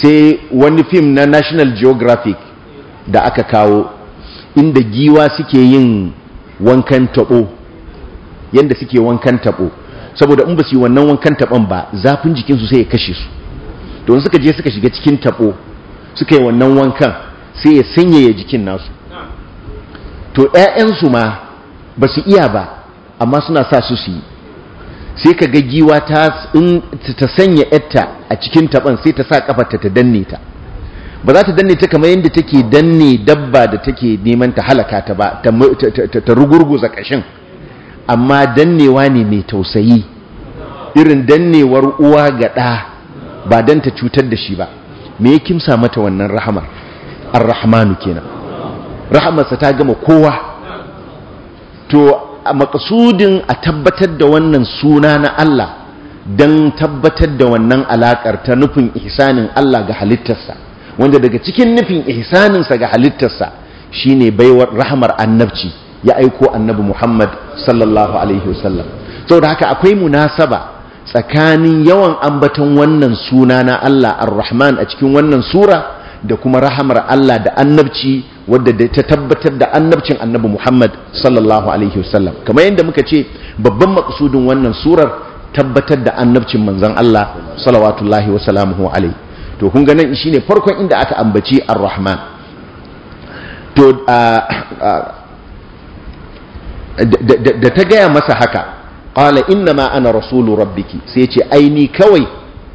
sai wani fim na national geographic da aka kawo inda giwa suke yin wankan tabo yadda suke wankan tabo saboda in ba su yi wannan wankan taban ba zafin jikinsu sai ya kashe su don suka je suka shiga cikin tabo suka yi wannan wankan sai ya sanyaya jikin nasu to 'ya'yansu ma ba su iya ba amma suna sa su su yi sai ka ga giwa ta ta sanya yatta a cikin taban sai ta sa kafarta ta danne ta ba za ta danne ta kamar yadda take danne dabba da take neman ta halaka ta ba ta rugurguza kashin amma dannewa ne mai tausayi irin dannewar uwa ga ɗa ba don ta cutar da shi ba me ya kimsa mata wannan rahamar ar-rahmanu kenan rahamarsa ta gama kowa to A maƙasudin a tabbatar da wannan suna na Allah don tabbatar da wannan alaƙar ta nufin ihsanin Allah ga halittarsa wanda daga cikin nufin ihsaninsa ga halittarsa shi ne baiwar rahamar annabci ya aiko annabi Muhammad sallallahu alaihi wasallam saboda haka akwai munasaba tsakanin yawan ambaton wannan suna na Allah ar-Rahman a cikin wannan sura da kuma rahamar Allah da annabci wadda ta tabbatar da annabcin annabi Muhammad sallallahu alaihi wasallam kamar yadda muka ce babban maksudin wannan surar tabbatar da annabcin manzon Allah salawatullahi wa salamuhu alaihi to kun ga nan shine farkon inda aka ambaci ar-rahman to da ta gaya masa haka qala inna ma ana rasulu rabbiki sai ce ai ni kawai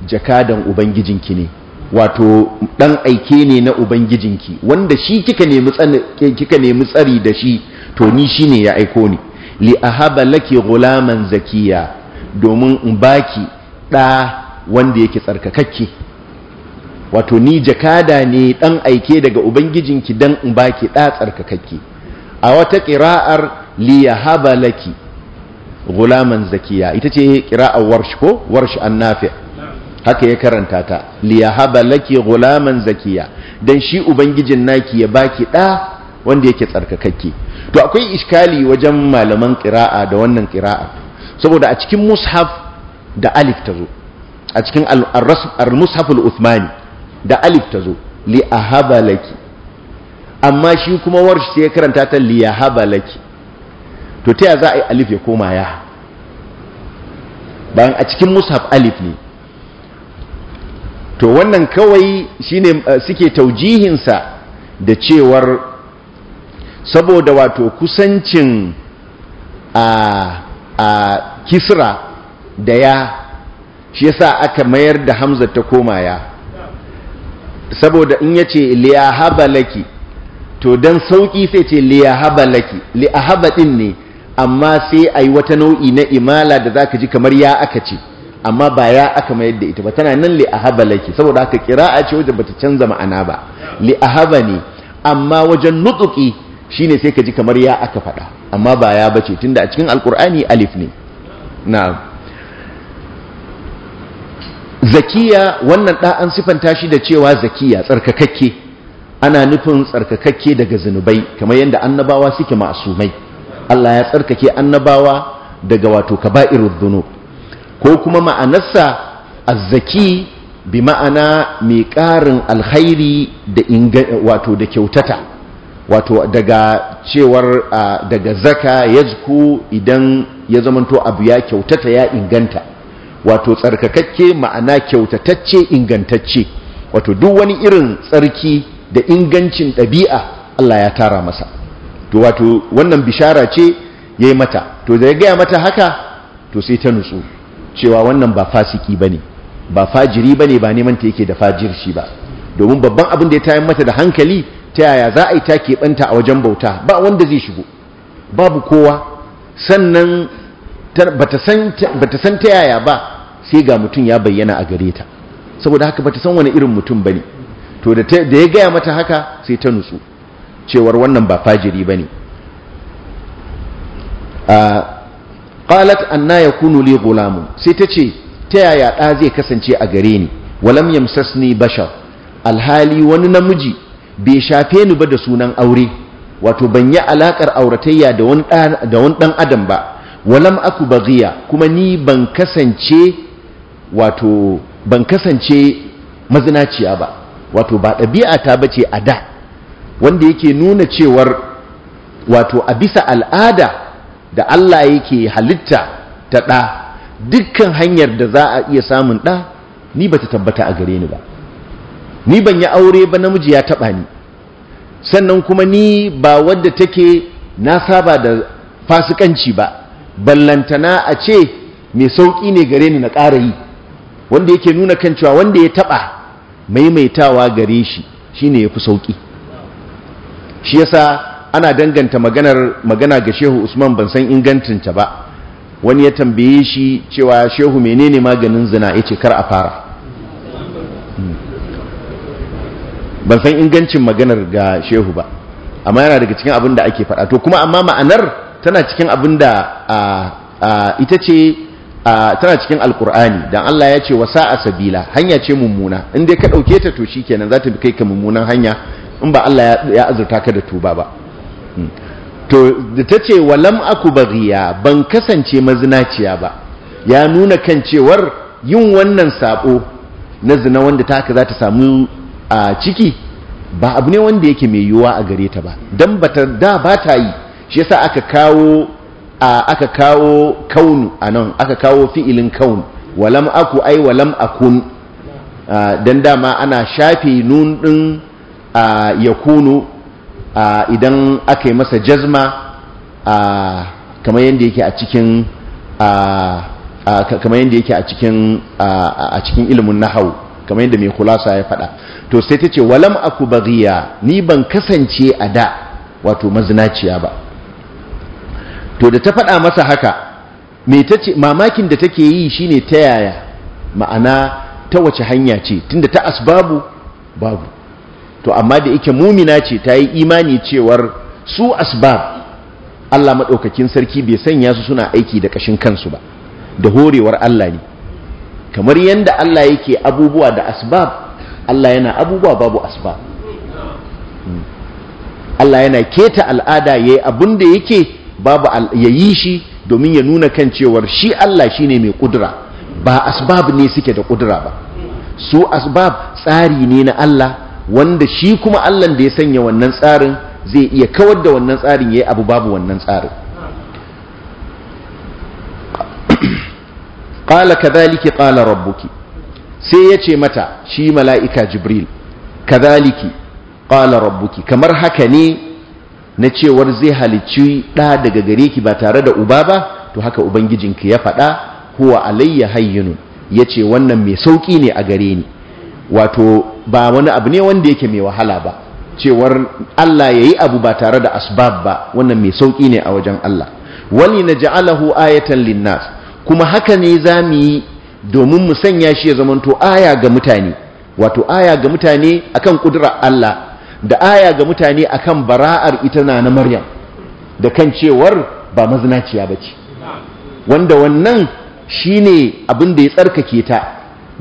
jakadan ubangijinki ne wato ɗan aike ne na ubangijinki wanda shi kika nemi tsari da shi to ni shine ya aiko ni li ahaba laki gulaman zakiya domin in baki da wanda yake tsarkakakke wato ni jakada ne ɗan aike daga ubangijinki dan in baki da tsarkakakke a wata qira'ar li ahaba laki gulaman zakiya ita ce kiraar warsh ko warsh an-nafi' haka ya karanta ta liyahaba laki gulaman zakiya dan shi ubangijin naki ya baki ɗa wanda yake tsarkakakke to akwai iskali wajen malaman kira'a da wannan kira'a saboda a cikin mushaf da alif ta zo a cikin al-mushaf al-uthmani da alif ta zo liyahaba laki amma shi kuma warshi sai ya karanta ta liyahaba laki to ta ya za a yi alif ya koma ya bayan a cikin mushaf alif ne to wannan kawai shine eh, suke taujihinsa da cewar saboda wato kusancin a kisra da ya shi yasa aka mayar da hamza ta koma ya saboda in yace liyahaba laki to don sauƙi sai ce liyahaba laki ɗin ne amma sai yi wata nau'i na imala da zaka ji kamar ya aka ce amma ba ya aka mayar da ita ba tana nan li ahaba laki saboda haka kira'a ce wajen bata canza ma'ana ba li ahaba ne amma wajen nutsuki shine sai ka ji kamar ya aka faɗa amma ba ya bace tunda a cikin alkur'ani alif ne na'am zakiya wannan da an sifanta shi da cewa zakiya tsarkakakke ana nufin tsarkakakke daga zunubai kamar yadda annabawa suke masumai Allah ya tsarkake annabawa daga wato kaba'irudh dhunub ko kuma ma'anarsa azzaki bi ma'ana mai ƙarin alkhairi da wato da kyautata wato daga cewar daga zaka ya zuku idan ya zamanto abu ya kyautata ya inganta wato tsarkakakke ma'ana kyautatacce ingantacce wato duk wani irin tsarki da ingancin ɗabi'a Allah ya tara masa to wato wannan bishara ce ya yi mata to da ya gaya mata haka to sai ta nutsu cewa wannan ba fasiki bane ba fajiri bane ba neman ta yake da fajirshi ba domin babban abin da ya tayar mata da hankali ta yaya za a yi ta keɓanta a wajen bauta ba wanda zai shigo babu kowa sannan bata san ta yaya ba sai ga mutum ya bayyana a gare ta saboda haka bata san wani irin mutum ba ne to da ya gaya mata haka sai ta nutsu cewar wannan ba fajiri bane a ah, qalat anna yakunu li gulamun sai ta ce ta yaya ɗa zai kasance a gare ni walam yamsasni bashar alhali wani namiji bai shafe ni ba da sunan aure wato ban yi alakar auratayya da wani ɗan adam ba walam aku baghiya kuma ni ban kasance wato ban kasance mazinaciya ba wato ba ɗabi'a ta bace a da wanda yake nuna cewar wato a bisa al'ada da Allah yake halitta ta ɗa dukkan hanyar da za a iya samun ɗa ni ba ta tabbata a gare ni ba ni ban yi aure ba namiji ya taɓa ni sannan kuma ni ba wadda take na saba da fasikanci ba ballantana a ce mai sauƙi ne gare ni na ƙara yi wanda yake nuna kan cewa wanda ya taɓa maimaitawa gare shi shi ne ya fi sauƙi shi yasa ana danganta maganar magana ga shehu usman ban san ingancinta ba wani ya tambaye shi cewa shehu menene maganin zina ya ce kar a fara hmm. ban san ingancin maganar ga shehu ba amma yana daga cikin abin da ake faɗa to kuma amma ma'anar tana cikin abin da ita ce tana cikin alkur'ani don Allah ya ce wasa a sabila hanya ce mummuna in dai ka ɗauke ta to shi kenan za ta kai ka mummunan hanya in ba Allah ya azurta ka da tuba ba to da ta ce walam aku baghiya ban kasance mazinaciya ba ya nuna kan cewar yin wannan sabo na zina wanda ta haka za ta samu a ciki ba abu ne wanda yake mai yiwuwa a gare ta ba don bata da ba ta yi shi yasa aka kawo aka kawo kaunu nan aka kawo fi'ilin kaun walam aku ai walam akun don dama ana shafe nun din yakunu idan aka yi masa jazma kamar yadda yake a cikin kamar yadda yake a cikin a cikin ilimin nahau kamar yadda mai kulasa ya faɗa to sai ta ce walam aku bagiya ni ban kasance a da wato mazinaciya ba to da ta faɗa masa haka me mamakin da take yi shi ne ta yaya ma'ana ta wace hanya ce tunda ta asbabu babu to amma da yake mumina ce ta yi imani cewar su asbab Allah maɗaukakin sarki bai sanya su suna aiki da ƙashin kansu ba da horewar Allah ne kamar yadda Allah yake abubuwa da asbab Allah yana abubuwa babu asbab hmm. Allah yana keta al'ada ya yi abin da yake babu ya yi shi domin ya nuna kan cewar shi Allah shi ne mai ƙudura ba asbab ne suke da ƙudura ba su asbab tsari ne na Allah wanda shi kuma Allah da ya sanya wannan tsarin zai iya kawar da wannan tsarin ya yi abu babu wannan tsarin <clears throat> qala zaliki qala rabbuki sai ya ce mata shi mala'ika jibril ka zaliki qala rabbuki kamar haka ne na cewar zai halicci ɗa daga gare ki ba tare da uba ba to haka ubangijinki ya faɗa huwa alayya ya yace wannan mai sauƙi ne a gare ni wato ba wani abu ne wanda yake mai wahala ba cewar Allah ya yi abu ba tare da asbab ba wannan mai sauƙi ne a wajen Allah wani na ja'alahu ayatan linnas kuma haka ne za mu yi domin mu sanya shi ya zamanto aya ga mutane wato aya ga mutane akan kudura Allah da aya ga mutane akan bara'ar ita na na Maryam da kan cewar ba mazinaciya ba ce wanda wannan shine abin da ya tsarkake ta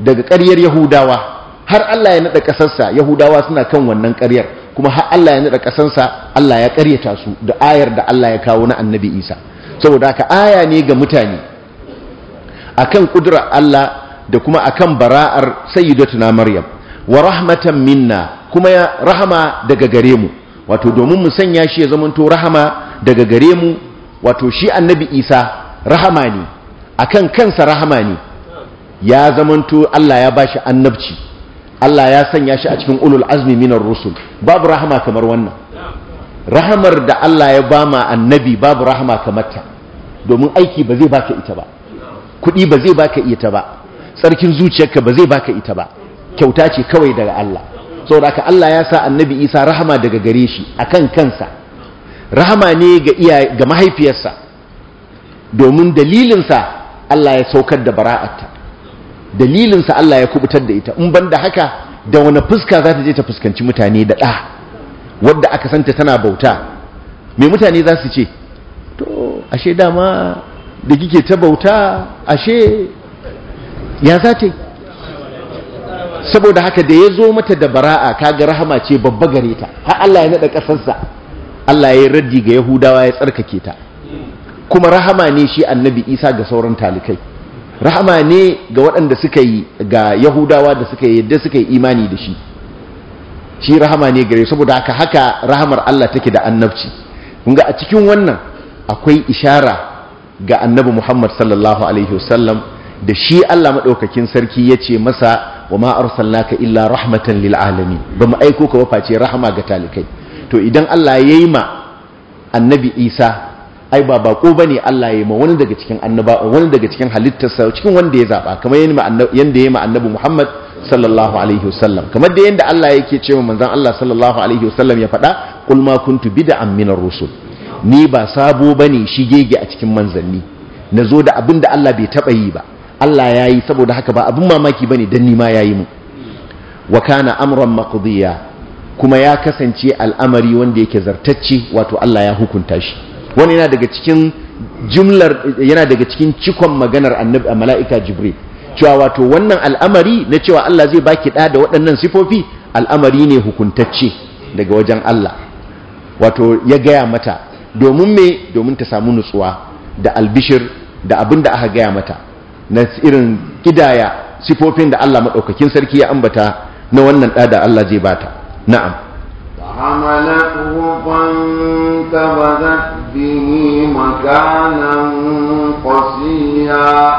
daga ƙaryar Yahudawa har Allah ya naɗa kasarsa yahudawa suna kan wannan ƙaryar kuma har Allah ya naɗa kasarsa Allah ya ƙaryata su da ayar da Allah ya kawo na annabi Isa saboda haka aya ne ga mutane akan kudura Allah da kuma akan bara'ar sayyidatuna Maryam wa rahmatan minna kuma ya rahama daga gare mu wato domin mu sanya shi ya zamanto rahama daga gare mu wato shi annabi Isa rahama ne akan kansa rahama ne ya zamanto Allah ya bashi annabci Allah ya sanya shi a cikin ulul azmi minar rusul babu rahama kamar wannan rahamar da Allah ya bama annabi babu rahama kamar ta domin aiki ba zai baka ita ba kuɗi ba zai baka ita ba tsarkin zuciyarka ba zai baka ita ba kyauta ce kawai daga Allah saboda haka Allah ya sa annabi Isa rahama daga gare shi akan kansa rahama ne ga iya ga mahaifiyarsa domin dalilin sa Allah ya saukar da bara'arta dalilinsa Allah ya kubutar da ita in ban da haka da wani fuska za ta je ta fuskanci mutane da ɗa wadda aka santa tana bauta mai mutane za su ce to ashe dama da kike ta bauta ashe ya za ta saboda haka da ya zo mata da bara'a kaga rahama ce babba gare ta har Allah ya naɗa ƙasarsa Allah ya yi raddi ga Yahudawa ya tsarkake ta kuma rahama ne shi annabi Isa ga sauran talikai rahama ne ga waɗanda suka yi ga yahudawa da suka yadda suka yi imani da shi shi rahama ne gare saboda haka haka rahamar Allah take da annabci kun ga a cikin wannan akwai ishara ga annabi Muhammad sallallahu alaihi wasallam da shi Allah madaukakin sarki ya ce masa wa ma arsalnaka illa rahmatan lil alamin ba mu aiko ka wafa ce rahama ga talikai to idan Allah yayi ma annabi Isa ai ba bako bane Allah ya ma wani daga cikin annaba wani daga cikin halittarsa cikin wanda ya zaba kamar yanda ya ma annabi Muhammad sallallahu alaihi wasallam kamar da yanda Allah yake cewa manzon Allah sallallahu alaihi wasallam ya faɗa kulma ma kuntu bid'an ar rusul ni ba sabo bane shigege a cikin manzanni nazo da abin da Allah bai taba yi ba Allah yayi saboda haka ba abin mamaki bane dan ni ma yayi mu wa kana amran maqdiya kuma ya kasance al'amari wanda yake zartacce wato Allah ya hukunta shi wani yana daga cikin jumlar yana daga cikin cikon maganar annabi mala'ika jibril cewa wato wannan al'amari na cewa Allah zai baki da da waɗannan sifofi al'amari ne hukuntacce daga wajen Allah wato ya gaya mata domin me domin ta samu nutsuwa da albishir da abin da aka gaya mata na irin kidaya sifofin da Allah maɗaukakin sarki ya ambata na wannan ɗa da Allah zai bata na'am حملته فانتبذت به مكانا قصيا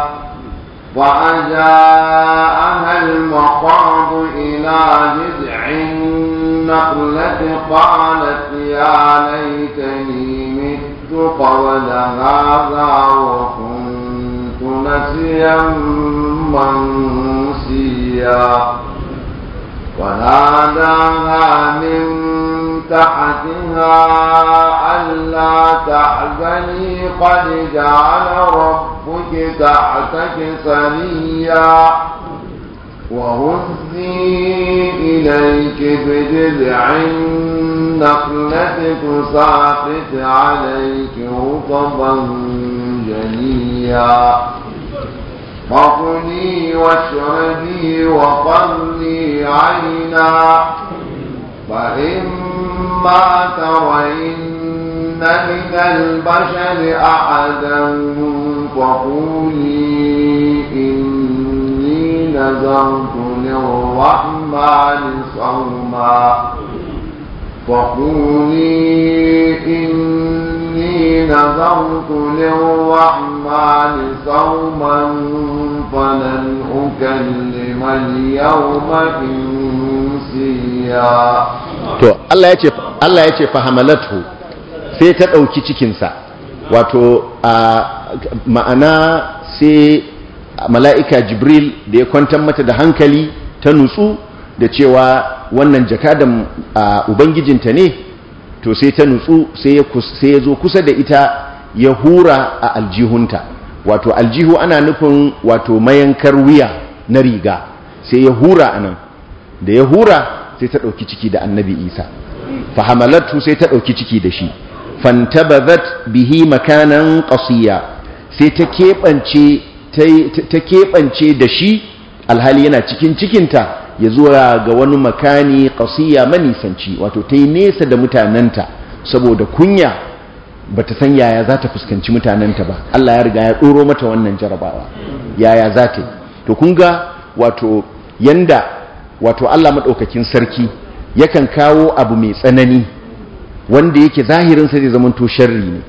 وأجاءها المخاض إلى جذع النخلة قالت يا ليتني مت قبل هذا وكنت نسيا منسيا وناداها من تحتها ألا تحزني قد جعل ربك تحتك سريا وهزي إليك بجذع النخلة تساقط عليك رطبا جنيا فكلي واشربي وقلي عينا فإما ترين من البشر أحدا فقولي إني نذرت للرحمن صوما فقولي إني نظرت للرحمن صوما فلن أكلم اليوم إنسيا to Allah ya ce Allah ya ce sai ta ɗauki cikinsa wato ma'ana sai mala'ika jibril da ya kwantar mata da hankali ta nutsu da cewa wannan jakadan ubangijinta ne to sai ta nutsu sai ya zo kusa da ita ya hura a aljihunta wato aljihu ana nufin wato mayankar wuya na riga sai ya hura a nan da ya hura sai ta ɗauki ciki da annabi isa fahamalatu sai ta ɗauki ciki da shi fantabazat bihi makanan ƙasiya sai ta keɓance da shi alhali yana cikin cikinta ya zuwa ga wani makani kasiya manisanci wato ta yi nesa da mutanenta saboda kunya ba ta san yaya za ta fuskanci mutanenta ba Allah ya riga ya ɗoro mata wannan jarabawa yaya za ta yi to kun ga wato yanda wato Allah maɗaukakin sarki yakan kawo abu mai tsanani wanda yake zahirinsa zai zama to sharri ne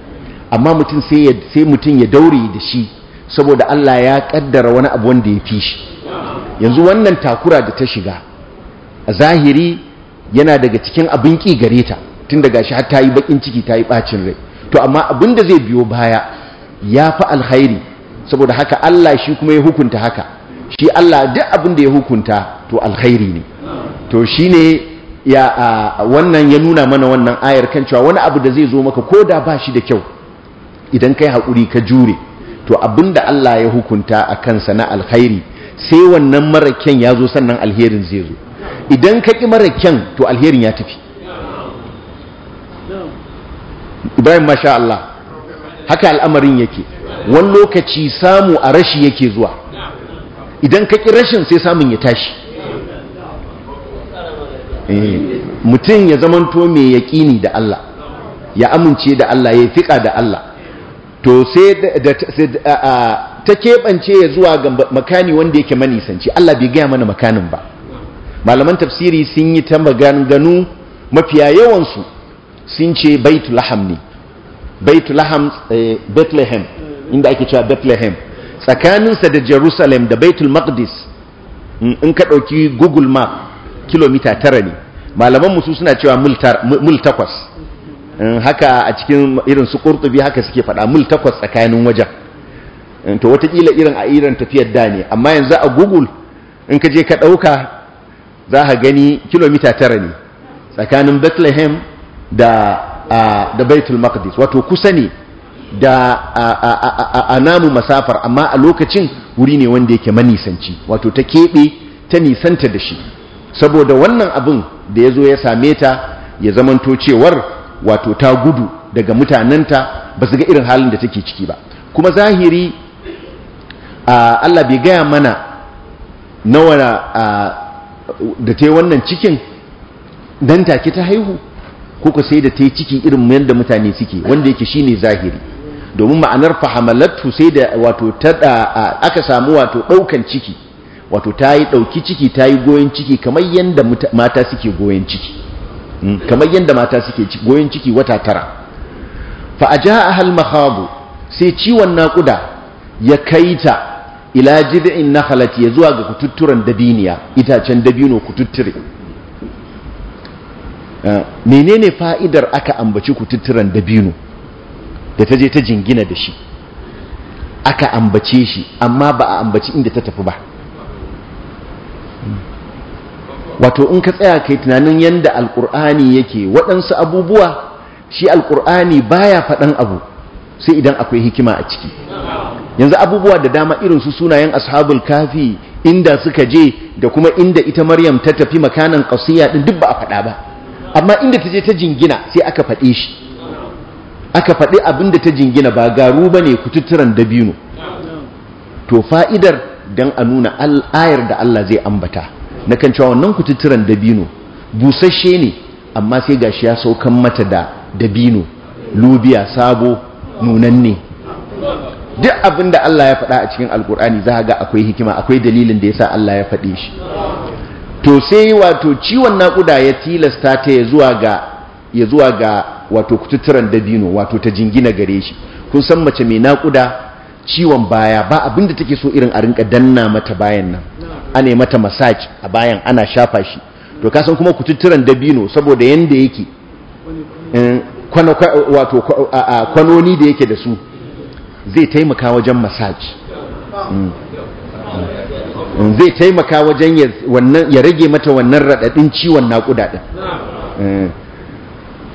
amma mutum sai mutum ya daure da shi saboda Allah ya ƙaddara wani abu wanda ya fi shi yanzu wannan takura da ta shiga a zahiri yana daga cikin abin ƙi gare ta tun daga shi har ta yi baƙin ciki ta yi ɓacin rai to amma abin da zai biyo baya ya fi alhairi saboda haka Allah shi kuma ya hukunta haka shi Allah duk abin da ya hukunta to alhairi ne to shi ne ya wannan ya nuna mana wannan ayar kan cewa wani abu da zai zo maka ko da ba shi da kyau idan kai haƙuri ka jure to abin da Allah ya hukunta a kansa na alhairi sai wannan mara kyan ya zo sannan alherin zai zo idan ka ƙi mara kyan to alherin ya tafi ibrahim masha Allah haka al'amarin yake wani lokaci samu a rashi yake zuwa idan ka ƙi rashin sai samun ya tashi eh, mutum ya zamanto mai yaƙini da Allah ya amince da Allah ya fiƙa da Allah to sai ta keɓance ya zuwa ga makani wanda yake manisanci Allah bai gaya mana makanin ba malaman tafsiri sun yi ta maganganu mafiya yawansu sun ce Baitu laham ne Baitu laham eh, bethlehem inda ake cewa bethlehem tsakaninsa da jerusalem da baitul maqdis in ka ɗauki google map kilomita tara ne malaman musu suna cewa mil takwas haka a cikin irin su kurtubi haka suke faɗa mil takwas tsakanin wajen Eh, to watakila irin a irin tafiyar da ne amma yanzu a google in ka je ka ɗauka za ka gani kilomita tara ne tsakanin bethlehem da da baitul maqdis wato kusa ne da a namu masafar amma a lokacin wuri ne wanda yake manisanci wato ta keɓe ta nisanta da shi saboda wannan abin da ya zo ya same ta ya zamanto cewar wato ta gudu daga mutanenta ba su ga irin halin da take ciki ba kuma zahiri Allah bai gaya mana nawa da ta yi wannan cikin dan take ta haihu kuka sai da ta yi ciki irin yadda mutane suke wanda yake shine zahiri domin ma'anar fahamalatu sai da wato aka samu wato ɗaukan ciki wato ta yi ɗauki ciki ta yi goyon ciki kamar yadda mata suke goyon ciki hmm, kamar yadda mata suke goyon ciki wata tara fa a ja a sai ciwon naƙuda ya kai ta ila jid'in nakhlati zuwa ga kututturan dabiniya itacen dabino kututture eh, menene fa'idar aka ambaci kututturan dabino da ta je ta jingina da shi aka ambace shi amma ba a ambaci inda ta tafi ba wato in ka tsaya kai tunanin yadda alkur'ani yake waɗansu abubuwa shi alkur'ani baya faɗan abu sai idan akwai hikima a ciki yanzu abubuwa da dama irin su sunayen ashabul kafi inda suka je da kuma inda ita maryam ta tafi makanan kasiya din duk ba a faɗa ba amma inda ta je ta jingina sai aka faɗe shi aka faɗi abin da ta jingina ba garu ba ne kututturan dabino to fa'idar don a nuna al'ayar da Allah zai ambata na kan cewa wannan kututturan dabino busasshe ne amma sai gashi ya saukan mata da dabino lubiya sabo nunan ne duk abin da Allah ya faɗa a cikin alkur'ani za a ga akwai hikima akwai dalilin da ya sa Allah ya faɗe shi to sai wato ciwon naƙuda ya tilasta ta ya zuwa ga ya wato kututturan dabino wato ta jingina gare shi kun san mace mai naƙuda ciwon baya ba abin da take so irin a rinka danna mata bayan nan ana mata masaj a bayan ana shafa shi to ka san kuma kututturan dabino saboda yanda yake eh, kwanoni da yake da su zai taimaka wajen masaji mm. mm. zai taimaka wajen ya rage mata wannan raɗaɗin ciwon naƙuda ɗin eh.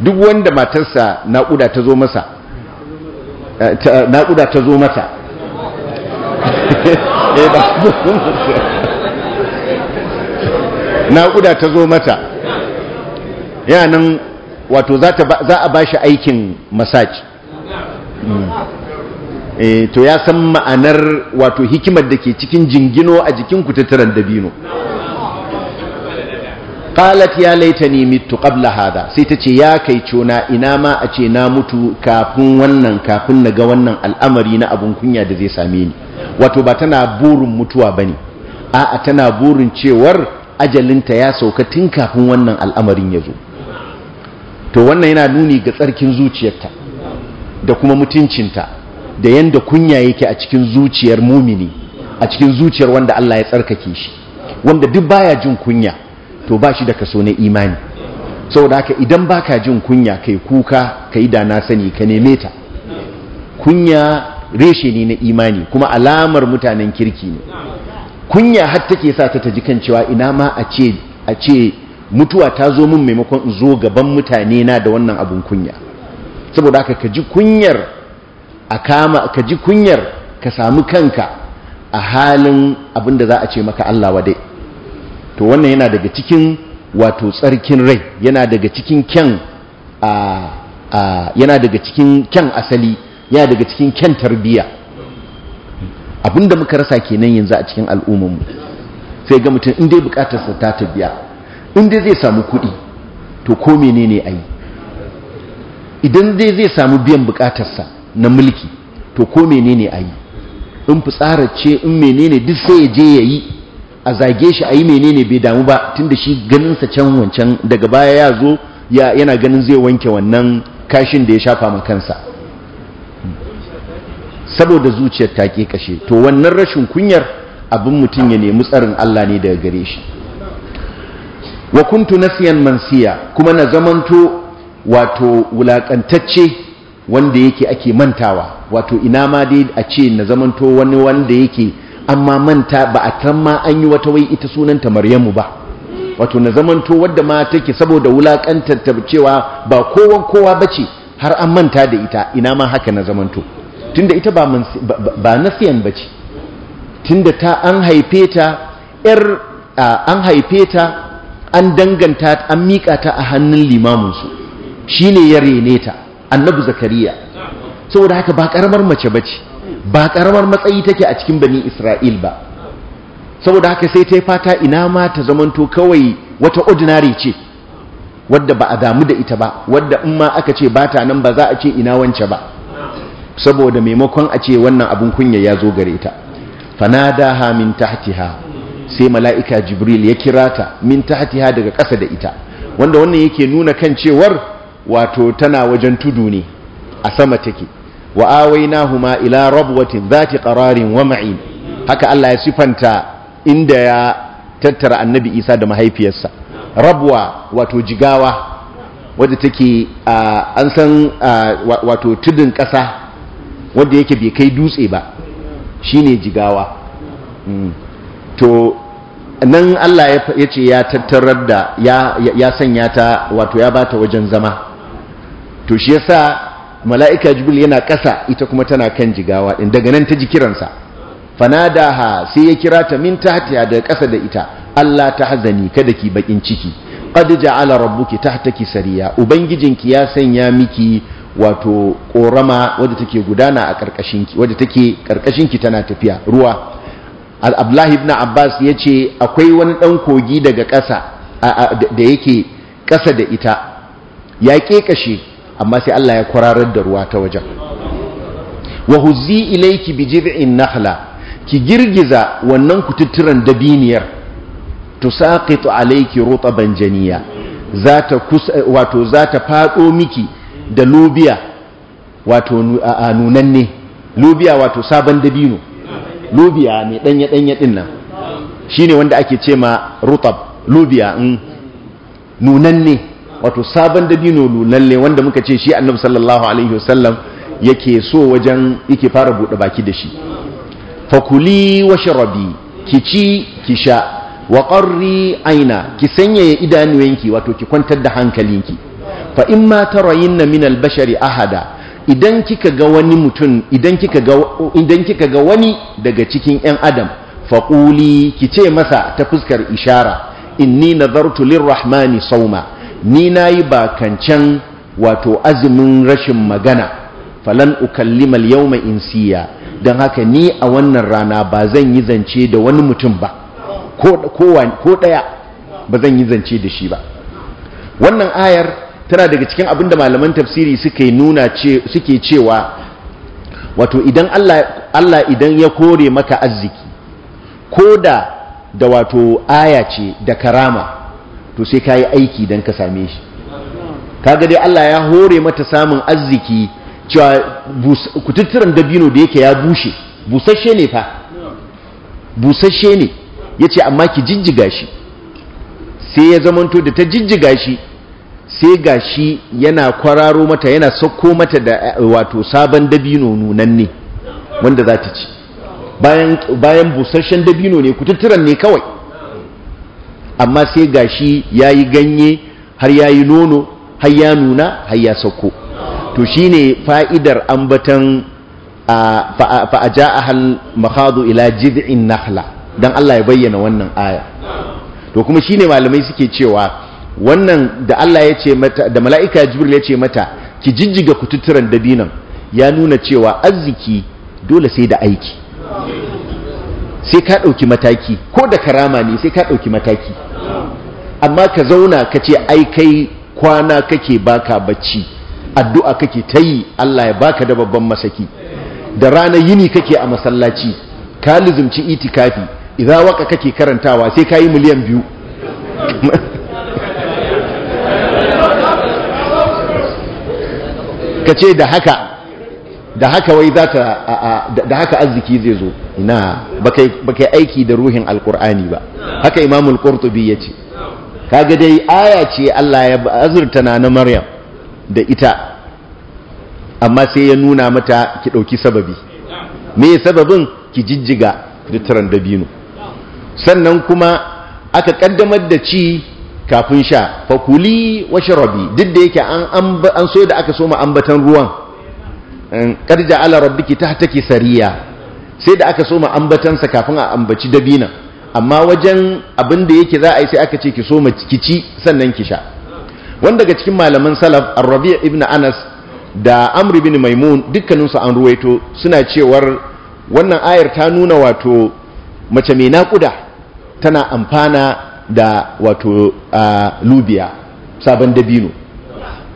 duk wanda matarsa naƙuda ta zo masa eh, naƙuda ta zo mata <laughs> eh, naƙuda ta zo mata yanan wato za a ba shi aikin masaji mm. Eh, to ya san ma'anar wato hikimar da ke cikin jingino a jikin kututturen dabino qalat ya laitani mitu qabla hada sai ta ce ya kai cona ina ma a ce na mutu kafin wannan kafin na ga wannan al'amari na abun kunya da zai same ni wato ba tana burin mutuwa bane a'a tana burin cewar ajalinta ya sauka tun kafin wannan al'amarin ya zo to wannan yana nuni ga tsarkin zuciyarta da kuma mutuncinta da yanda kunya yake a cikin zuciyar mumini a cikin zuciyar wanda Allah ya tsarkake shi wanda duk baya jin kunya to ba shi da kaso na imani saboda haka idan baka jin kunya kai kuka kai da na sani ka neme ta kunya reshe ne na imani kuma alamar mutanen kirki ne kunya har take sa ta taji kan cewa ina ma a ce mutuwa ta zo min maimakon in zo gaban mutane na da wannan abun kunya saboda haka ka ji kunyar a kama ka ji kunyar ka samu kanka a halin abin da za a ce maka Allah wa dai to wannan yana daga cikin wato tsarkin rai yana daga cikin kyan a yana daga cikin kyan asali yana daga cikin kyan tarbiya abinda muka rasa kenan yanzu a cikin al'ummarmu sai ga mutum inda bukatarsa ta tabiya inda zai samu kuɗi to ko menene a yi idan zai zai samu biyan bukatarsa na mulki to ko menene a yi in ce in menene duk sai ya je ya yi a zage shi a yi menene bai damu ba tunda da shi ganinsa can wancan daga baya ya zo yana ganin zai wanke wannan kashin da ya shafa ma kansa saboda zuciyar ta ke kashe to wannan rashin kunyar abin mutum ya nemi tsarin Allah ne daga gare shi wa kuntu nasiyan mansiya kuma na zamanto wato wulakantacce wanda yake ake mantawa wato ina ma dai a ce na zamanto wani wanda yake amma manta ba a tan an yi wata wai ita sunanta maryamu ba wato na zamanto wadda ma take saboda wulakantar ta cewa ba kowan kowa bace har an manta da ita ina ma haka na zamanto tunda ita ba ba nasiyan bace tunda ta an haife ta yar an haife ta an danganta an mika ta a hannun limamin su ne ya rene ta annabi zakariya saboda haka ba karamar mace bace ba karamar matsayi take a cikin bani isra'il ba saboda haka sai ta yi fata ina ma ta zamanto kawai wata ordinary ce wadda ba a damu da ita ba wadda in ma aka ce ba ta nan ba za a ce ina wance ba saboda maimakon a ce wannan abin kunya ya zo gare ta fanadaha min tahtiha sai mala'ika jibril ya kirata ta min tahtiha daga ƙasa da ita wanda wannan yake nuna kan cewar wato tana wajen tudu ne a sama take wa huma ila rabwatin zati qararin wa ma'in haka Allah ya sifanta inda ya tattara annabi Isa da mahaifiyarsa rabwa wato jigawa wadda take an san wato tudun ƙasa wadda yake bai kai dutse ba shine jigawa mm. to nan Allah ya ce ya tattarar da ya sanya ta wato ya bata wajen zama to shi yasa mala'ika jibril yana ƙasa ita kuma tana kan jigawa din daga nan ta ji kiransa fanadaha sai ya kira ta min tahtiha daga ƙasa da ita Allah ta hazani kada ki bakin ciki qad ja'ala rabbuki tahtaki sariya ubangijinki ya sanya miki wato korama wadda take gudana a ki, wadda take ki tana tafiya ruwa al ablah ibn abbas ya ce akwai wani ɗan kogi daga ƙasa da yake ƙasa da ita ya ƙeƙashe amma sai Allah ya kwararar da ruwa ta wajen wa huzzi ilayki bi jiz'in nakhla ki girgiza wannan kututturan dabiniyar tusaqitu alayki rutaban janiya zata wato zata fado miki da lubiya wato a nunanne lubiya wato sabon dabino lubiya mai danye danye din nan shine wanda ake ce ma rutab lubiya mm, nunanne wato sabon dabino lulalle wanda muka ce shi annabi sallallahu alaihi wasallam yake so wajen yake fara buɗe baki da shi fakuli washrabi ki ci ki sha wa qarri aina ki sanyaya idanuwanki wato ki kwantar da hankalinki fa in imma tarayinna min albashari ahada idan kika ga wani mutum idan kika ga wani daga cikin yan adam faquli ki ce masa ta fuskar ishara inni nazartu lirrahmani Sa'uma. ni na yi ba kancan wato azumin rashin magana falan ukallima yau mai insiya don haka ni a wannan rana ba zan yi zance da wani mutum ba ko ɗaya ba zan yi zance da shi ba wannan ayar tana daga cikin abinda malaman tafsiri suke suke cewa wato idan Allah idan ya kore maka arziki ko da wato aya ce da karama to sai ka yi aiki don ka same shi kaga dai Allah ya hore mata samun arziki cewa kututturen dabino da yake ya bushe busasshe ne fa busasshe ne ya ce amma ki jijjiga shi sai ya zamanto da ta jijjiga shi sai ga shi yana kwararo mata yana sauko mata da wato sabon dabino nunanne wanda za ta ci bayan busasshen dabino ne kututturen ne kawai amma sai gashi yi ganye har ya yi nono har ya nuna har ya sauko to shi ne fa'idar ambatan fa'aja a hal makhadu ila jid'in nahla dan Allah ya bayyana wannan aya to kuma shi ne malamai suke cewa wannan da Allah ya ce mata da mala'ika jibril ya ce mata ki jijjiga kututturan dabinan ya nuna cewa arziki dole sai da aiki sai ka ɗauki mataki ko da karama ne sai ka ɗauki mataki amma ka zauna ka ce ai kai kwana kake baka bacci addu'a kake ta yi Allah ya baka da babban masaki da ranar yini kake a masallaci ka lizumci itikafi idan waka kake karantawa sai ka yi miliyan biyu <laughs> ka ce da haka da haka wai za ta da haka arziki zai zo ina ba kai aiki da ruhin alkur'ani ba haka imamul qurtubi ya ce kaga dai aya ce Allah ya azurta na na maryam da ita amma sai ya nuna mata ki ɗauki sababi me sababin ki jijjiga litiran dabino sannan kuma aka kaddamar da ci kafin sha fakuli washe rabi duk da yake an so da aka so ambatan ruwan ala ja'ala Ta tahtaki sariya sai da aka soma ambatansa kafin a ambaci dabina amma wajen abin da yake za a yi sai aka ce ki soma kici sannan ki sha wanda daga cikin malaman salaf ar-rabi' ibn anas da amr ibn maimun dukkaninsu an ruwaito suna cewar wannan ayar ta nuna wato mace mai naƙuda tana amfana da wato lubiya sabon dabino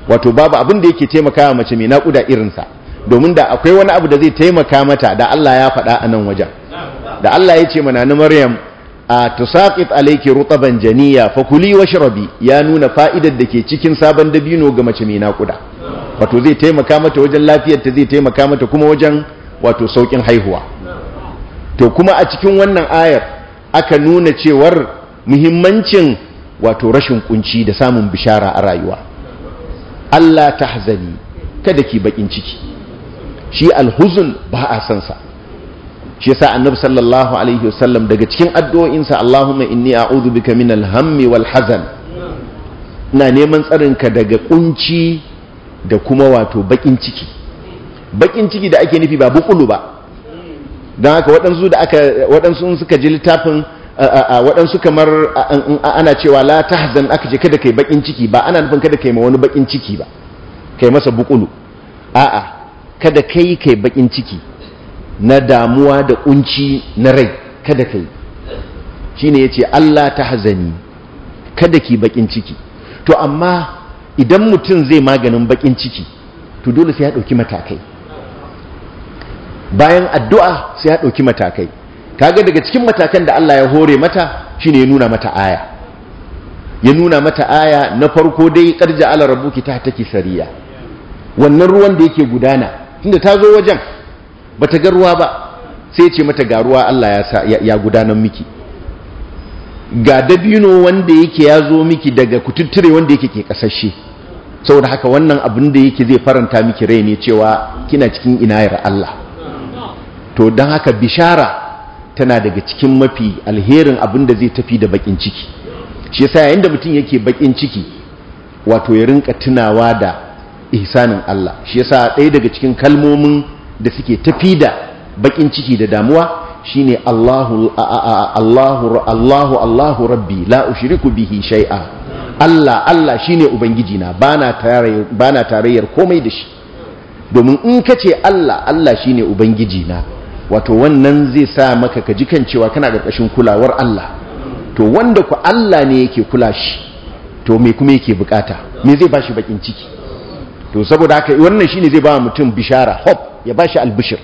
wato babu abin da yake taimaka mace mai naƙuda irinsa domin da akwai wani abu da zai taimaka mata da Allah ya faɗa a nan wajen da Allah ya ce mana na Maryam a tusaqit alayki rutaban janiya fakuli washrabi ya nuna fa'idar da ke cikin sabon dabino ga mace mai naƙuda, wato zai taimaka mata wajen lafiyar ta zai taimaka mata kuma wajen wato saukin haihuwa to kuma a cikin wannan ayar aka nuna cewar muhimmancin wato rashin kunci da samun bishara a rayuwa Allah tahzani kada ki bakin ciki shi alhuzun ba a san sa shi yasa annabi sallallahu alaihi wasallam daga cikin addu'o'insa Allahumma inni a'udhu bika min alhammi wal hazan ina neman tsarinka daga kunci da kuma wato bakin ciki bakin ciki da ake nufi ba bukulu ba don haka waɗansu da aka waɗansu suka ji littafin waɗansu kamar ana cewa la tahzan aka ce kada kai bakin ciki ba ana nufin kada kai ma wani bakin ciki ba kai masa bukulu a'a kada kai kai bakin ciki na damuwa da kunci na rai kada kai shine yace Allah ta hazani kada ki bakin ciki to amma idan mutum zai maganin bakin ciki to dole sai ya dauki matakai bayan addu'a sai ya ɗauki matakai kaga daga cikin matakan da Allah ya hore mata shine ya nuna mata aya ya nuna mata aya na farko dai karja ala rabbuki ta take sariya wannan ruwan da yake gudana tunda ta zo wajen bata ga ruwa ba sai ce mata ga ruwa Allah ya gudanar miki ga dabino wanda yake ya zo miki daga kututture wanda yake ke kasashe saboda haka wannan abin da yake zai faranta miki rai ne cewa kina cikin inayar Allah to don haka bishara tana daga cikin mafi alherin abin da zai tafi da bakin ciki shi yasa yayin da mutum yake bakin ciki wato ya rinka tunawa da ihsanin Allah shi yasa ɗaya daga cikin kalmomin da suke tafi da bakin ciki da damuwa shine Allahu Allahu Allahu Rabbi la ushriku bihi shay'a Allah Allah shine ubangiji na bana tarayyar komai da shi domin in kace Allah Allah shine ubangiji na wato wannan zai sa maka ka ji kan cewa kana ƙarƙashin kulawar Allah to wanda ku Allah ne yake kula shi to me kuma yake bukata me zai bashi bakin ciki to saboda haka wannan shine zai ba mutum bishara hop ya bashi albishir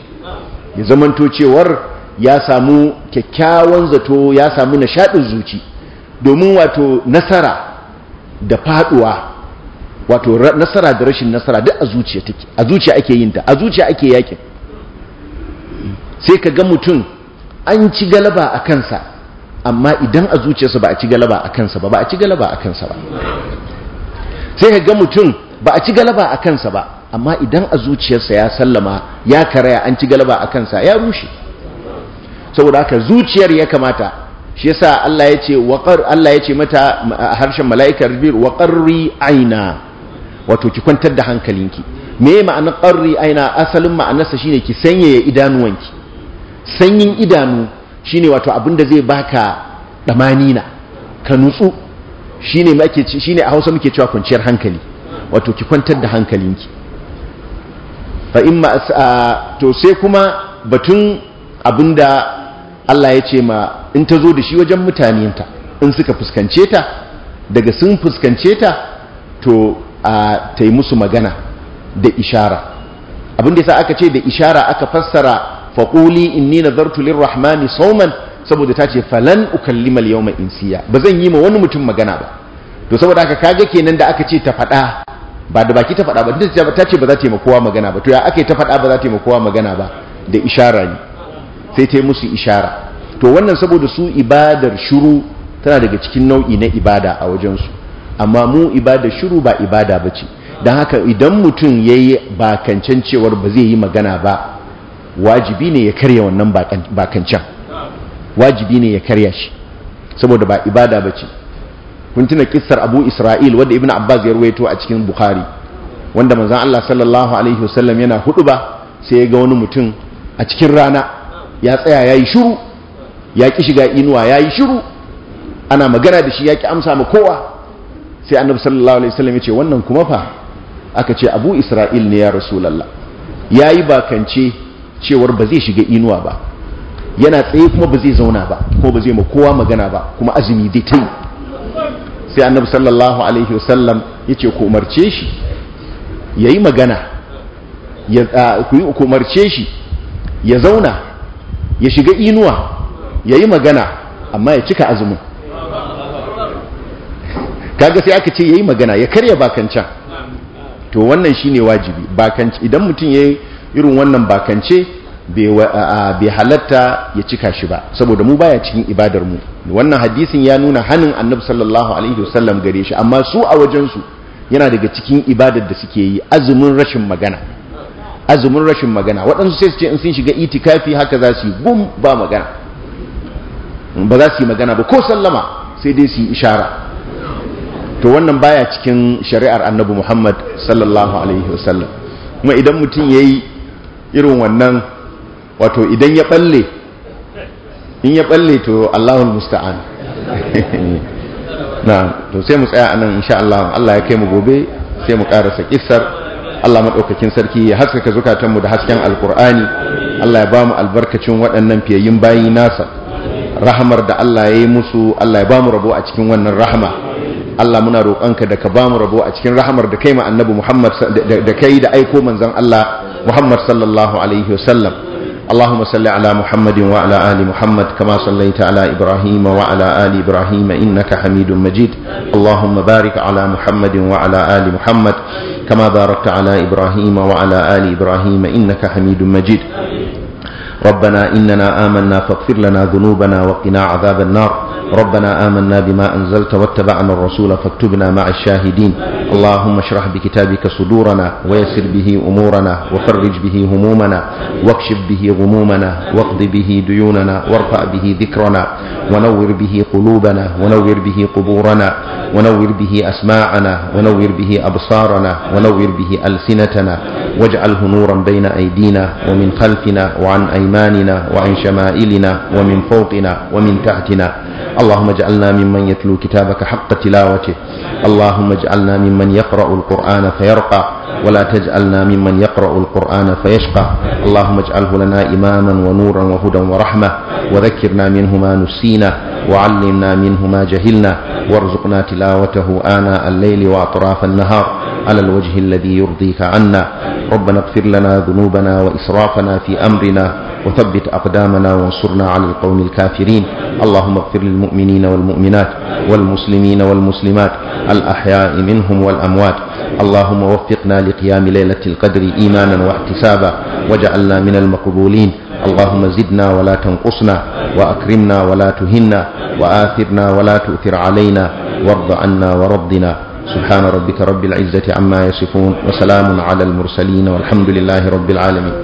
ya zamanto cewar ya samu kyakkyawan zato ya samu nishaɗin zuci domin wato nasara da faɗuwa, wato nasara da rashin nasara duk a zuciya take a zuciya ake yin ta a zuciya ake yakin sai ka ga mutum an ci galaba a kansa amma idan a zuciyarsa ba a ci galaba a kansa ba ba a ci galaba a kansa ba sai ka ga mutum ba a ci galaba a kansa ba amma idan a zuciyarsa ya sallama ya karaya an ci galaba a kansa ya rushe saboda haka zuciyar ya kamata shi yasa Allah ya ce waqar Allah ya ce mata harshen malaikar bir waqarri aina wato ki kwantar da hankalinki me ma'anar qarri aina asalin ma'anarsa shine ki sanyaya idanuwanki sanyin idanu shine wato abinda zai baka ɗamanina ka nutsu shine muke a Hausa muke cewa kwanciyar hankali wato ki kwantar da hankalinki fa to sai kuma batun abinda Allah ya ce ma in ta zo da shi wajen mutanenta in suka fuskance ta daga sun fuskance ta to a ta yi musu magana da ishara abinda sa aka ce da ishara aka fassara faƙuli nina zartulin rahmani sauman saboda ta ce falan ukallimal mai insiya ba zan yi ma wani mutum magana ba to saboda haka kage kenan da aka ce ta faɗa ba da baki ta faɗa ba da ta ce ba za ta yi makowa magana ba to ya ake ta faɗa ba za ta yi makowa magana ba da ishara ne sai ta yi musu ishara to wannan saboda su ibadar shuru tana daga cikin nau'i na ibada a wajensu amma mu ibadar shuru ba ibada bace. ce don haka idan mutum ya yi bakancan cewar ba zai yi magana ba wajibi ne ya karya wannan bakancan wajibi ne ya karya shi saboda ba ibada bace. kun tuna kissar abu isra'il wanda ibn abbas ya ruwaito a cikin bukhari wanda manzon allah sallallahu alaihi wasallam yana hudu ba sai ya ga wani mutum a cikin rana ya tsaya ya yi shiru, ya ki shiga inuwa yayi shiru ana magana da shi ya ki amsa ma kowa sai annabi sallallahu alaihi wasallam ya ce wannan kuma fa aka ce abu isra'il ne ya rasulullah ya yi bakance cewar ba zai shiga inuwa ba yana tsaye kuma ba zai zauna ba ko ba zai ma kowa magana ba kuma azumi zai ta yi sai annabi sallallahu alaihi wasallam yace ku umarce shi yayi magana ya ku umarce shi ya zauna ya shiga inuwa yayi magana amma ya cika azumin kaga sai aka ce ya yi magana ya karya bakancan to wannan shine wajibi bakance idan mutum yayi irin wannan bakance bai halatta ya cika shi ba saboda mu baya cikin ibadar mu wannan hadisin ya nuna hanin annabi sallallahu alaihi wasallam gare shi amma su a wajen su yana daga cikin ibadar da suke yi azumin rashin magana azumin rashin magana waɗansu sai su ce in sun shiga itikafi haka za su yi gum ba magana ba za su yi magana ba ko sallama sai dai su yi ishara to wannan baya cikin shari'ar annabi Muhammad sallallahu alaihi wasallam kuma idan mutum ya yi irin wannan wato idan ya balle in ya balle to Allahul musta'an <laughs> na to sai mu tsaya anan insha Allah Allah ya kai mu gobe sai mu karasa kissar Allah madaukakin sarki ya haskaka zukatan mu da hasken alkur'ani Allah ya ba mu albarkacin waɗannan fiyayin bayi nasa rahamar da Allah ya yi musu Allah ya ba mu rabo a cikin wannan rahama Allah muna roƙonka da ka ba mu rabo a cikin rahamar da kai ma annabi Muhammad da kai da aiko manzon Allah Muhammad sallallahu alaihi wasallam اللهم صل على محمد وعلى آل محمد كما صليت على إبراهيم وعلى آل إبراهيم إنك حميد مجيد اللهم بارك على محمد وعلى آل محمد كما باركت على إبراهيم وعلى آل إبراهيم إنك حميد مجيد ربنا إننا آمنا فاغفر لنا ذنوبنا وقنا عذاب النار ربنا آمنا بما أنزلت واتبعنا الرسول فاكتبنا مع الشاهدين اللهم اشرح بكتابك صدورنا ويسر به أمورنا وفرج به همومنا واكشف به غمومنا واقض به ديوننا وارفع به ذكرنا ونور به قلوبنا ونور به قبورنا ونور به أسماعنا ونور به أبصارنا ونور به ألسنتنا واجعله نورا بين أيدينا ومن خلفنا وعن أيماننا وعن شمائلنا ومن فوقنا ومن تحتنا اللهم اجعلنا ممن يتلو كتابك حق تلاوته اللهم اجعلنا ممن يقرأ القرآن فيرقى ولا تجعلنا ممن يقرأ القرآن فيشقى اللهم اجعله لنا إماما ونورا وهدى ورحمة وذكرنا منه ما نسينا وعلمنا منه ما جهلنا وارزقنا تلاوته آناء الليل وأطراف النهار على الوجه الذي يرضيك عنا ربنا اغفر لنا ذنوبنا وإسرافنا في أمرنا وثبت أقدامنا وانصرنا على القوم الكافرين اللهم اغفر للمؤمنين والمؤمنات والمسلمين والمسلمات الأحياء منهم والأموات اللهم وفقنا بقيام ليلة القدر إيمانا واحتسابا وجعلنا من المقبولين اللهم زدنا ولا تنقصنا وأكرمنا ولا تهنا وآثرنا ولا تؤثر علينا وارض عنا ورضنا سبحان ربك رب العزة عما يصفون وسلام على المرسلين والحمد لله رب العالمين